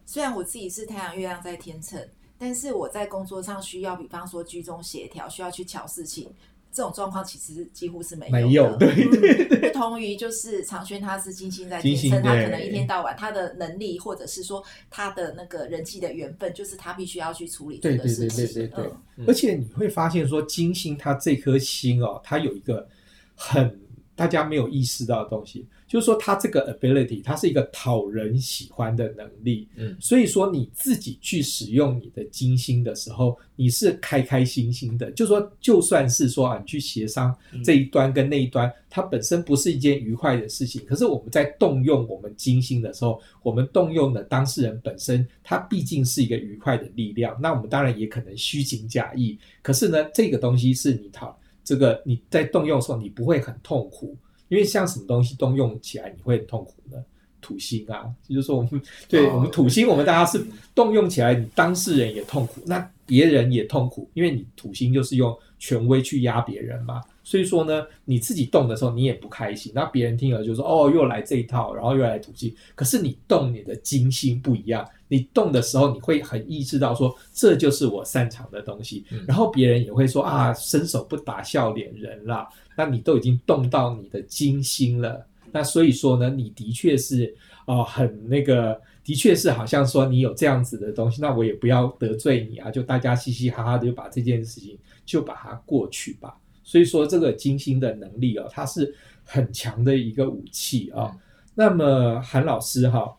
雖然我自己是太陽月亮在天秤，但是我在工作上需要，比方說居中協調，需要去喬事情。這種狀況其實幾乎是沒有的，沒有、嗯，對，不同於就是長軒他是金星在天秤，他可能一天到晚他的能力或者是說他的那個人際的緣分，就是他必須要去處理這個事情。對對對對對、嗯、而且你會發現說金星他這顆星哦，他有一個很，大家沒有意識到的東西，就是說，它這個 ability，它是一個討人喜歡的能力。嗯，所以說你自己去使用你的金星的時候，你是開開心心的。就是說，就算是說啊，你去協商這一端跟那一端，它本身不是一件愉快的事情。可是我們在動用我們金星的時候，我們動用的當事人本身，它畢竟是一個愉快的力量。那我們當然也可能虛情假意，可是呢，這個東西是你討。這個你在動用的時候，你不會很痛苦，因為像什麼東西動用起來你會很痛苦的？土星啊，就是說我們對、哦、我們土星，我們大家是動用起來，你當事人也痛苦，那別人也痛苦，因為你土星就是用權威去壓別人嘛。所以說呢，你自己動的時候你也不開心，那別人聽了就說哦，又來這一套，然後又來吐氣。可是你動你的金星不一樣，你動的時候你會很意識到說這就是我擅長的東西，嗯、然後別人也會說啊，伸手不打笑臉人了，啊。那你都已經動到你的金星了，那所以說呢，你的確是哦，呃，很那個，的確是好像說你有這樣子的東西，那我也不要得罪你啊，就大家嘻嘻哈哈的就把這件事情就把它過去吧。所以說這個金星的能力啊、哦，它是很強的一個武器啊、哦。嗯、那麼韓老師哈、哦，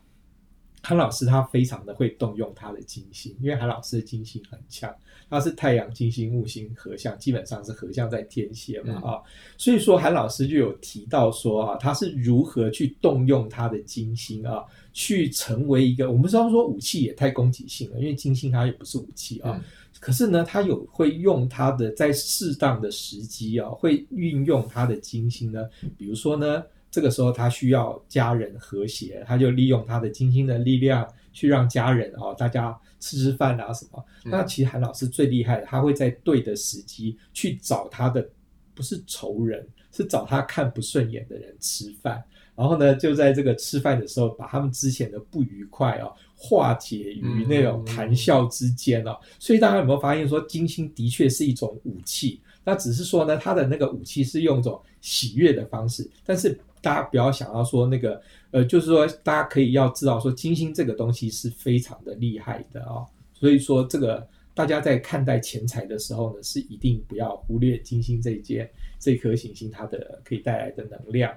韓老師他非常的會動用他的金星，因為韓老師的金星很強，他是太陽、金星、木星合相，基本上是合相在天蠍嘛啊、哦。嗯、所以說韓老師就有提到說啊，他是如何去動用他的金星啊，去成為一個，我們雖然說武器也太攻擊性了，因為金星它也不是武器啊、哦。嗯可是呢，他有會用他的在適當的時機啊、哦，會運用他的金星呢。比如說呢，這個時候他需要家人和諧，他就利用他的金星的力量去讓家人啊、哦，大家吃吃飯啊什麼。那其實韓老師最厲害的，他會在對的時機去找他的不是仇人，是找他看不順眼的人吃飯。然後呢，就在這個吃飯的時候，把他們之前的不愉快啊、哦。化解於那種談笑之間哦，嗯，所以大家有沒有發現說，金星的確是一種武器，那只是說呢，它的那個武器是用一種喜悅的方式，但是大家不要想到說那個，呃，就是說大家可以要知道說，金星這個東西是非常的厲害的啊，所以說這個大家在看待錢財的時候呢，是一定不要忽略金星這一件這顆行星它的可以帶來的能量。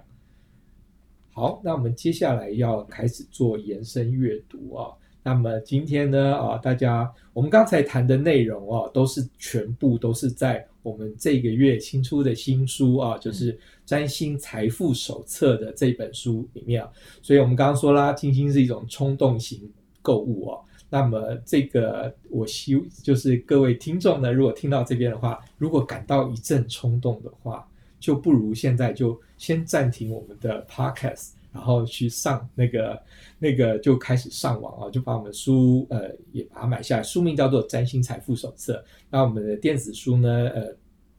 好，那我們接下來要開始做延伸閱讀啊、哦。那麼今天呢，啊，大家我們剛才談的內容啊、哦，都是全部都是在我們這個月新出的新書啊，就是《占星財富手冊》的這本書裡面、嗯、所以，我們剛剛說啦、啊，金星是一種衝動型購物啊、哦。那麼，這個我希望就是各位聽眾呢，如果聽到這邊的話，如果感到一陣衝動的話，就不如現在就。先暫停我們的 podcast，然後去上那個那個就開始上網啊，就把我們書呃也把它買下來，書名叫做《占星財富手冊》。那我們的電子書呢，呃，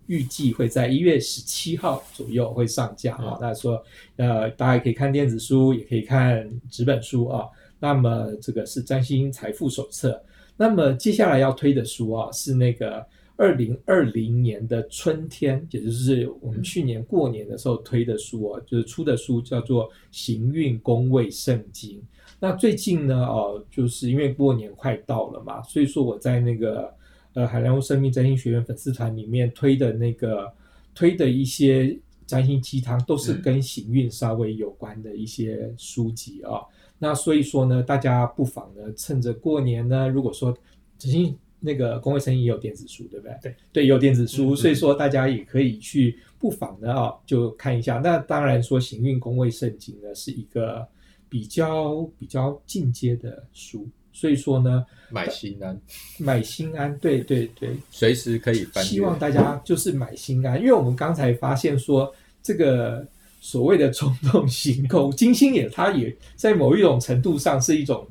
預計會在一月十七號左右會上架啊。那、嗯、說呃，大家可以看電子書，也可以看紙本書啊。那麼這個是《占星財富手冊》。那麼接下來要推的書啊，是那個。二零二零年的春天，也就是我們去年過年的時候推的書啊、哦，嗯、就是出的書叫做《行運宮位聖經》。那最近呢，哦，就是因為過年快到了嘛，所以說我在那個呃海亮生命占星學院粉絲團裡面推的那個推的一些占星雞湯，都是跟行運稍微有關的一些書籍啊、哦。嗯、那所以說呢，大家不妨呢趁着過年呢，如果說曾經。那個宮位聖經也有電子書，對不對？對對，有電子書，嗯、所以說大家也可以去不妨的啊、哦，就看一下。那當然說《行運宮位聖經》呢是一個比較比較進階的書，所以說呢，買心安，買心安，對對對，對隨時可以翻。翻。希望大家就是買心安，因為我們剛才發現說，這個所謂的衝動行宮金星也，它也在某一種程度上是一種。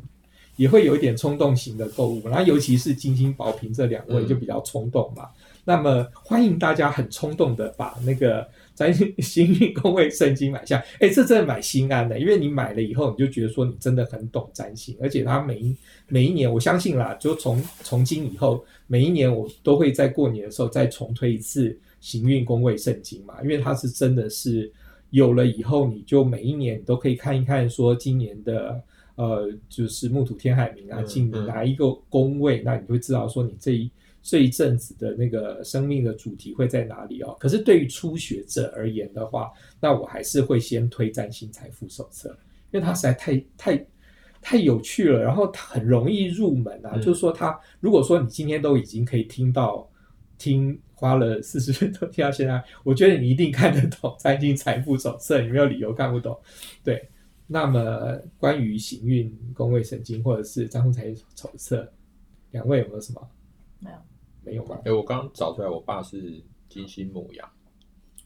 也會有一點衝動型的購物，然後尤其是金星、寶瓶這兩位就比較衝動嘛。嗯、那麼歡迎大家很衝動的把那個占星行運宮位聖經買下，哎，這真的蠻心安的，因為你買了以後，你就覺得說你真的很懂占星，而且它每每一年，我相信啦，就從從今以後，每一年我都會在過年的時候再重推一次行運宮位聖經嘛，因為它是真的是有了以後，你就每一年都可以看一看說今年的。呃，就是木土天海冥啊，進哪一個宮位，嗯嗯、那你會知道說你這一這一陣子的那個生命的主題會在哪裡哦。可是對於初學者而言的話，那我還是會先推占星財富手冊，因為它實在太太太有趣了，然後它很容易入門啊。嗯、就是說他，它如果說你今天都已經可以聽到，聽花了四十分鐘聽到現在，我覺得你一定看得懂占星財富手冊，你沒有理由看不懂，對。那麼關於行運宮位聖經或者是占星財富手冊，兩位有沒有什麼？沒有，沒有吧。哎、欸，我剛找出來，我爸是金星牡羊，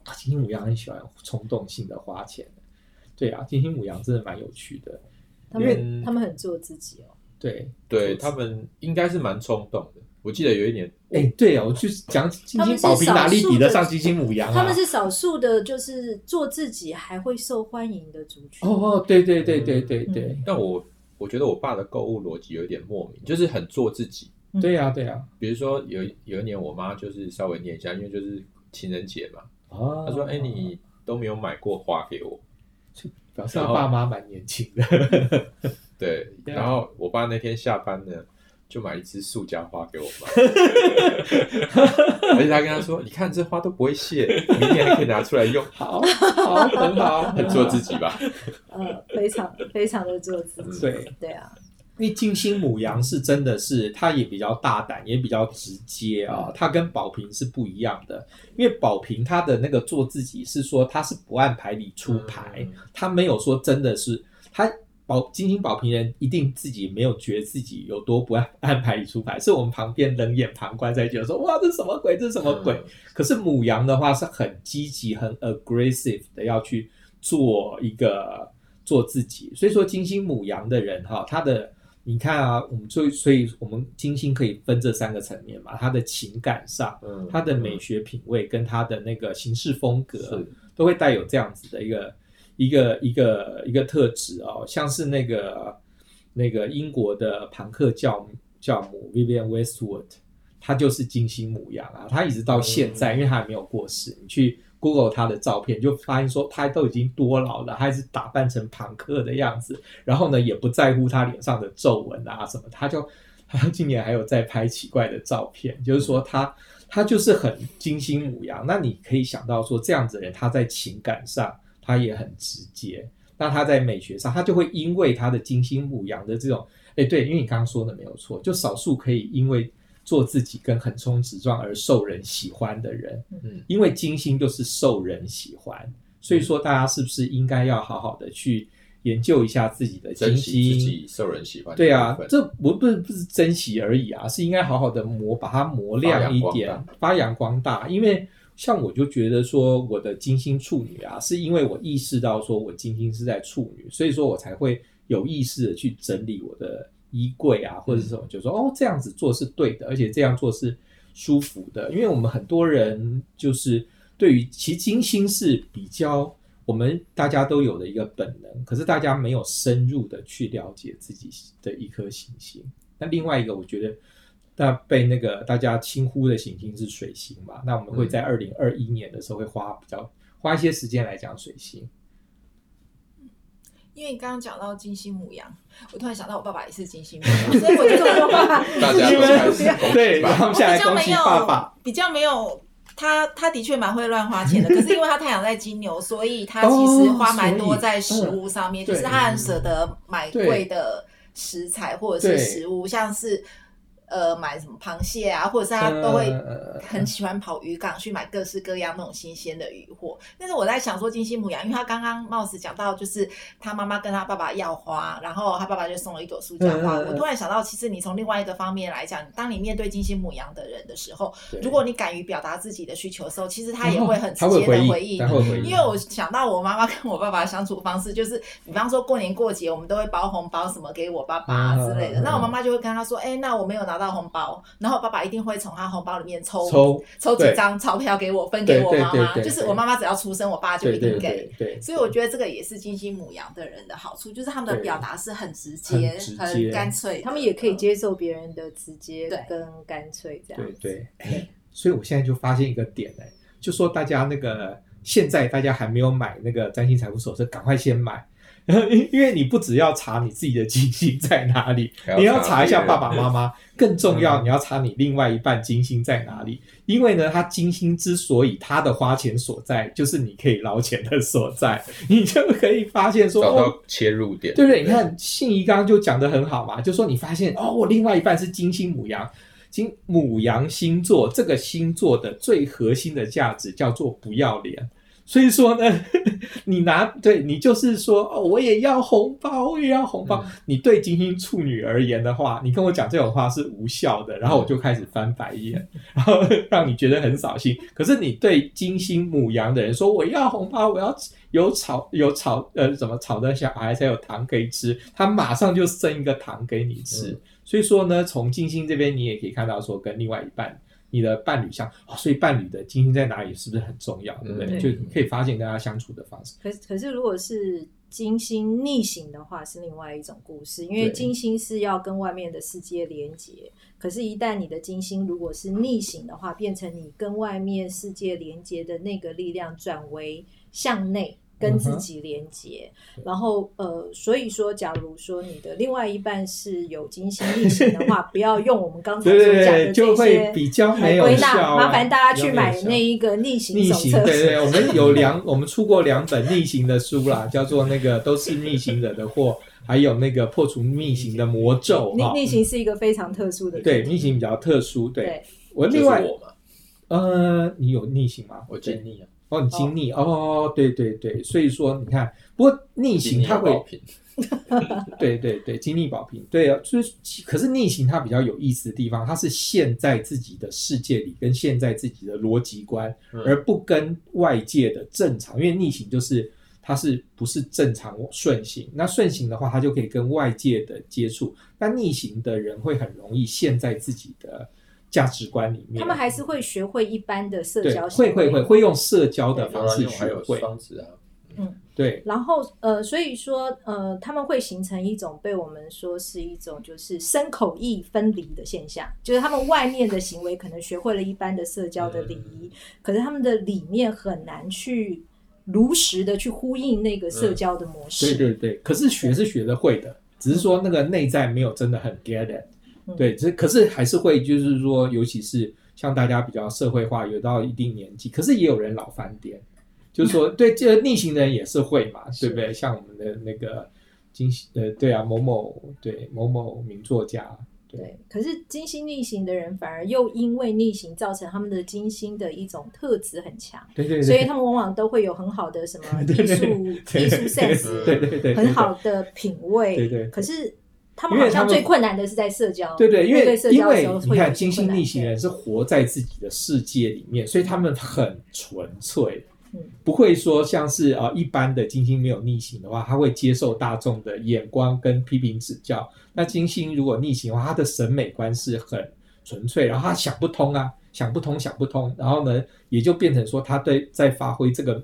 啊，金星牡羊很喜歡衝動性的花錢。對啊，金星牡羊真的蠻有趣的，因為他，們連他們很做自己哦。對，事對他們應該是蠻衝動的。我記得有一年，哎、哦欸，對啊，我去講金星寶瓶哪裡比得上金星牡羊啊？他們是少數的，啊、是數的就是做自己還會受歡迎的族群。哦哦，對對對對對對、嗯。嗯、但我我覺得我爸的購物邏輯有點莫名，就是很做自己。對呀對呀。比如說有有一年，我媽就是稍微念一下，因為就是情人節嘛。啊、哦。她說：“哎、欸，你都沒有買過花給我，表示爸媽蠻年輕的。後” *laughs* 對，然後我爸那天下班呢。就買一支塑膠花給我吧， *laughs* *laughs* 而且他跟他說：“你看這花都不會謝，你明天還可以拿出來用。好”好，很好，好，很做自己吧。 *laughs* 呃，非常非常的做自己。 *laughs* 對對啊，因為金星牡羊是真的是，他也比較大膽，也比較直接啊、哦。嗯、他跟寶瓶是不一樣的，因為寶瓶他的那個做自己是說他是不按牌理出牌，嗯、他沒有說真的是他。保金星寶瓶人一定自己沒有覺得自己有多不按、按牌出牌，是我們旁邊冷眼旁觀才覺得說哇，這什麼鬼？這什麼鬼？嗯、可是，牡羊的話是很積極、很 aggressive 的，要去做一個做自己。所以說，金星牡羊的人哈，他的你看啊，我們所以所以我們金星可以分這三個層面嘛，他的情感上，嗯嗯、他的美學品味跟他的那個行事風格，是都會帶有這樣子的一個。一個一個一個特質哦，像是那個那個英國的朋克教母教母 Vivian Westwood，她就是金星母羊啊。她一直到現在，嗯、因為她還沒有過世，你去 Google 她的照片，就發現說她都已經多老了，她還是打扮成朋克的樣子。然後呢，也不在乎她臉上的皺紋啊什麼，她就她今年還有在拍奇怪的照片，就是說她她就是很金星母羊。那你可以想到說，這樣子的人，她在情感上。他也很直接，那他在美學上，他就會因為他的金星牡羊的這種，誒、欸，對，因為你剛剛說的沒有錯，就少數可以因為做自己跟橫衝直撞而受人喜歡的人，嗯，因為金星就是受人喜歡，所以說大家是不是應該要好好的去研究一下自己的金星，自己受人喜歡的？對啊，這不不是不是珍惜而已啊，是應該好好的磨，嗯、把它磨亮一點，發揚光，光大，因為。像我就覺得說，我的金星處女啊，是因為我意識到說我金星是在處女，所以說我才會有意識的去整理我的衣櫃啊，或者是什麼，就說哦，這樣子做是對的，而且這樣做是舒服的。因為我們很多人就是對於其實金星是比較我們大家都有的一個本能，可是大家沒有深入的去了解自己的一顆行星。那另外一個，我覺得。但被那個大家輕忽的行星是水星吧？那我們會在二零二一年的時候會花比較花一些時間來講水星、嗯，因為你剛剛講到金星牡羊，我突然想到我爸爸也是金星牡羊， *laughs* 所以我覺得說話為就說爸爸，大家都是對，對吧比較沒有，比較沒有他，他的確蠻會亂花錢的。 *laughs* 可是因為他太陽在金牛，所以他其實花蠻多在食物上面，哦哦、就是他很舍得買貴的食材或者是食物，對像是。呃，買什麼螃蟹啊？或者是他都會很喜歡跑漁港去買各式各樣那種新鮮的魚貨。但是我在想說，金星牡羊，因為他剛剛貌似講到，就是他媽媽跟他爸爸要花，然後他爸爸就送了一朵塑膠花。嗯、我突然想到，其實你從另外一個方面來講，你當你面對金星牡羊的人的時候，對如果你敢於表達自己的需求的時候，其實他也會很直接的回應你。啊、因為我想到我媽媽跟我爸爸的相處方式，就是比方說過年過節我們都會包紅包什麼給我爸爸之類的，嗯、那我媽媽就會跟他說，哎、欸，那我沒有拿，拿到紅包，然後爸爸一定會從他紅包裡面抽抽抽幾張鈔票給我，對分給我媽媽。就是我媽媽只要出生，我爸就一定給。對對對對對，所以我覺得這個也是金星牡羊的人的好處，就是他們的表達是很直接、很乾脆，他們也可以接受別人的直接跟乾脆這樣，對。對對。所以我現在就發現一個點，呢，就說大家那個現在大家還沒有買那個占星財富手冊，趕快先買。 *laughs* 因為你不只要查你自己的金星在哪裡，要你要查一下爸爸媽媽。 *laughs* 更重要，你要查你另外一半金星在哪裡。嗯、因為呢，他金星之所以他的花錢所在，就是你可以撈錢的所在，你就可以發現說，找到切入點，哦、對不對，對？你看對信宜剛剛就講得很好嘛，就說你發現哦，我另外一半是金星牡羊，金牡羊星座，這個星座的最核心的價值叫做不要臉。所以說呢，你拿對，你就是說哦，我也要紅包，我也要紅包。嗯、你對金星處女而言的話，你跟我講這種話是無效的，然後我就開始翻白眼，嗯、然後讓你覺得很掃興。 *laughs* 可是你對金星牡羊的人說，我要紅包，我要有吵有吵呃，什麼吵的小孩才有糖可以吃，他馬上就生一個糖給你吃。嗯、所以說呢，從金星這邊你也可以看到，說跟另外一半。你的伴侶相，哦，所以伴侶的金星在哪裡是不是很重要，嗯，對不對？就可以發現跟他相處的方式。可可是，可是如果是金星逆行的話，是另外一種故事，因為金星是要跟外面的世界連接。對可是，一旦你的金星如果是逆行的話，變成你跟外面世界連接的那個力量轉為向內。跟自己連接，然後呃，所以說，假如說你的另外一半是有金星逆行的話，不要用我們剛才所講的那些歸納，麻煩大家去買那一個逆行逆行。對對，我們有兩，我們出過兩本逆行的書啦，叫做那個都是逆行惹的禍，還有那個破除逆行的魔咒。逆逆行是一個非常特殊的，對逆行比較特殊。對，我另外，呃，你有逆行嗎？我真逆啊。哦，你精力哦，哦，對對對，所以說你看，不過逆行它會， *laughs* 對對對，精力保平，對啊，就是，可是逆行它比較有意思的地方，它是陷在自己的世界裡，跟陷在自己的邏輯觀，而不跟外界的正常，嗯、因為逆行就是它是不是正常順行，那順行的話，它就可以跟外界的接觸，那逆行的人會很容易陷在自己的。價值觀裡面，他們還是會學會一般的社交，會會會會用社交的方式學會。嗯，對。嗯，然後呃，所以說呃，他們會形成一種被我們說是一種就是身口意分離的現象，就是他們外面的行為可能學會了一般的社交的禮儀，嗯、可是他們的裡面很難去如實的去呼應那個社交的模式。嗯、對對對，可是學是學得會的，嗯、只是說那個內在沒有真的很 get it 對，可是還是會，就是說，尤其是像大家比較社會化，有到一定年紀，可是也有人老翻點、嗯、就說對，這個逆行的人也是會嘛，是對不對？像我們的那個金星，呃，對啊，某某對某某名作家，對，對。可是金星逆行的人反而又因為逆行造成他們的金星的一種特質很強，對，對對，所以他們往往都會有很好的什麼藝術藝術 sense，對對對，很好的品味，對對，對，對對，可是。他們好像最困難的是在社交，對對，因為因為你看，金星逆行人是活在自己的世界裡面，對所以他們很純粹，不會說像是啊、呃、一般的金星沒有逆行的話，他會接受大眾的眼光跟批評指教。那金星如果逆行的話，他的審美觀是很純粹，然後他想不通啊，想不通，想不通，然後呢，也就變成說，他對在發揮這個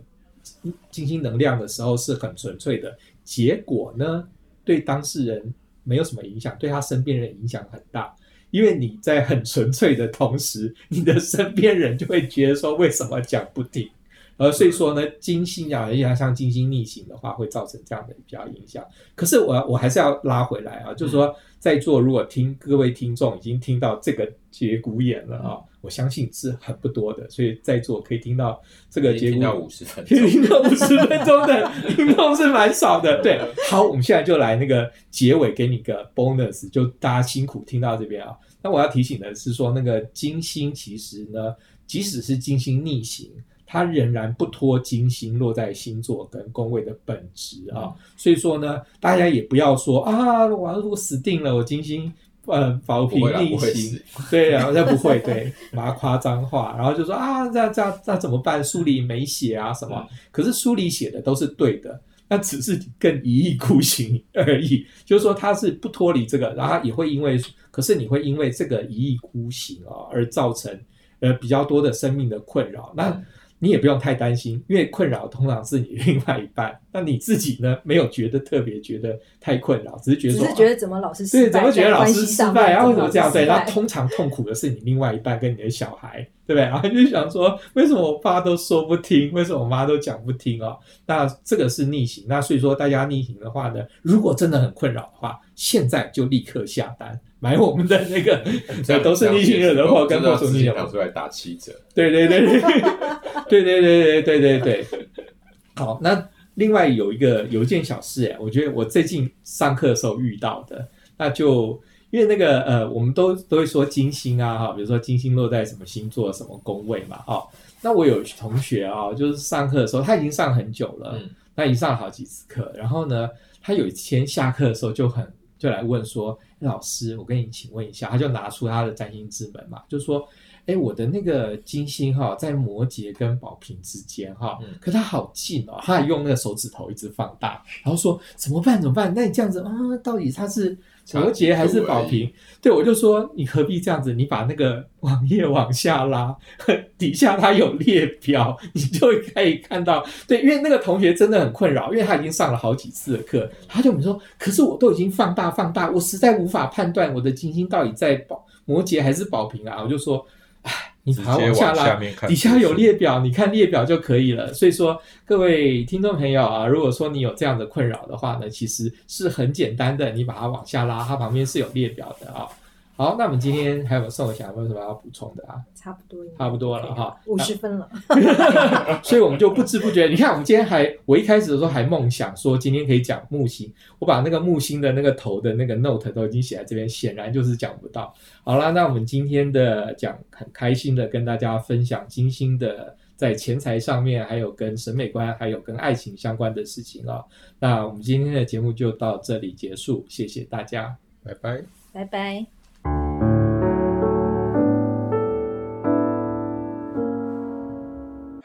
金星能量的時候是很純粹的。結果呢，對當事人。沒有什麼影響，對他身邊人影響很大，因為你在很純粹的同時，你的身邊人就會覺得說，為什麼講不聽？而所以說呢，金星、嗯、啊，尤其他像像金星逆行的話，會造成這樣的比較影響。可是我我還是要拉回來啊，就是說在座如果聽各位聽眾已經聽到這個節骨眼了啊。嗯我相信是很不多的，所以在座可以聽到這個節目聽到五十分鐘，聽到五十分鐘的 *laughs* 聽眾是蠻少的。對，好，我們現在就來那個結尾，給你個 bonus，就大家辛苦聽到這邊啊、哦。那我要提醒的是說，那個金星其實呢，即使是金星逆行，它仍然不脫金星落在星座跟宮位的本質啊、哦。所以說呢，大家也不要說啊，我要如果死定了，我金星。呃，保平、嗯、逆行，啊 *laughs* 對啊，好不會，對，把它誇張化，然後就說啊，這樣這樣，這樣怎麼辦？書裡沒寫啊，什麼？嗯、可是書裡寫的都是對的，那只是更一意孤行而已。就是說，他是不脫離這個，然後也會因為，可是你會因為這個一意孤行啊、哦，而造成呃比較多的生命的困擾。那。嗯你也不用太擔心，因為困擾通常是你另外一半。那你自己呢？沒有覺得特別覺得太困擾，只是覺得說只是覺得怎麼老是失敗，對，怎麼覺得老是失敗，啊，然後為什麼這樣？對，那通常痛苦的是你另外一半跟你的小孩，對不對？然後就想說，為什麼我爸都說不聽，為什麼我媽都講不聽哦。那這個是逆行。那所以說，大家逆行的話呢，如果真的很困擾的話，現在就立刻下單。買我們的那個，嗯、都是逆行人的話，剛告訴你了。知道時出來打七折。 *laughs* 對對對,對，對對對對對對對。 *laughs* 好，那另外有一個有一件小事哎，我覺得我最近上課的時候遇到的，那就因為那個呃，我們都都會說金星啊，哈，比如說金星落在什麼星座什麼宮位嘛，哦，那我有同學啊、哦，就是上課的時候他已經上很久了，他、嗯、已經上了好幾次課，然後呢，他有一天下課的時候就很就來問說。老師，我跟你請問一下，他就拿出他的占星之門嘛，就說：“哎、欸，我的那個金星哈，在摩羯跟寶瓶之間哈，可他好近哦、喔。”他還用那個手指頭一直放大，然後說：“怎麼辦？怎麼辦？那你這樣子啊，到底他是？”摩羯還是寶瓶？我對，我就說，你何必這樣子？你把那個網頁往下拉呵，底下它有列表，你就可以看到。對，因為那個同學真的很困擾，因為他已經上了好幾次的課，他就沒說，可是我都已經放大放大，我實在無法判斷我的金星到底在摩摩羯還是寶瓶啊！我就說，唉。你把它往下拉，底下有列表，你看列表就可以了。嗯。所以說，各位聽眾朋友啊，如果說你有這樣的困擾的話呢，其實是很簡單的，你把它往下拉，它旁邊是有列表的啊、哦。好，那我們今天還有沒有什麼要補充的啊？差不多，差不多了哈，五十 Okay,、哦、分了。 *laughs* *laughs* 所以我們就不知不覺，你看我們今天還，我一開始的時候還夢想說今天可以講木星，我把那個木星的那個頭的那個 note 都已經寫在這邊，顯然就是講不到。好啦，那我們今天的講很開心的跟大家分享金星的在錢財上面，還有跟審美觀，還有跟愛情相關的事情啊、哦。那我們今天的節目就到這裡結束，謝謝大家，拜拜，拜拜。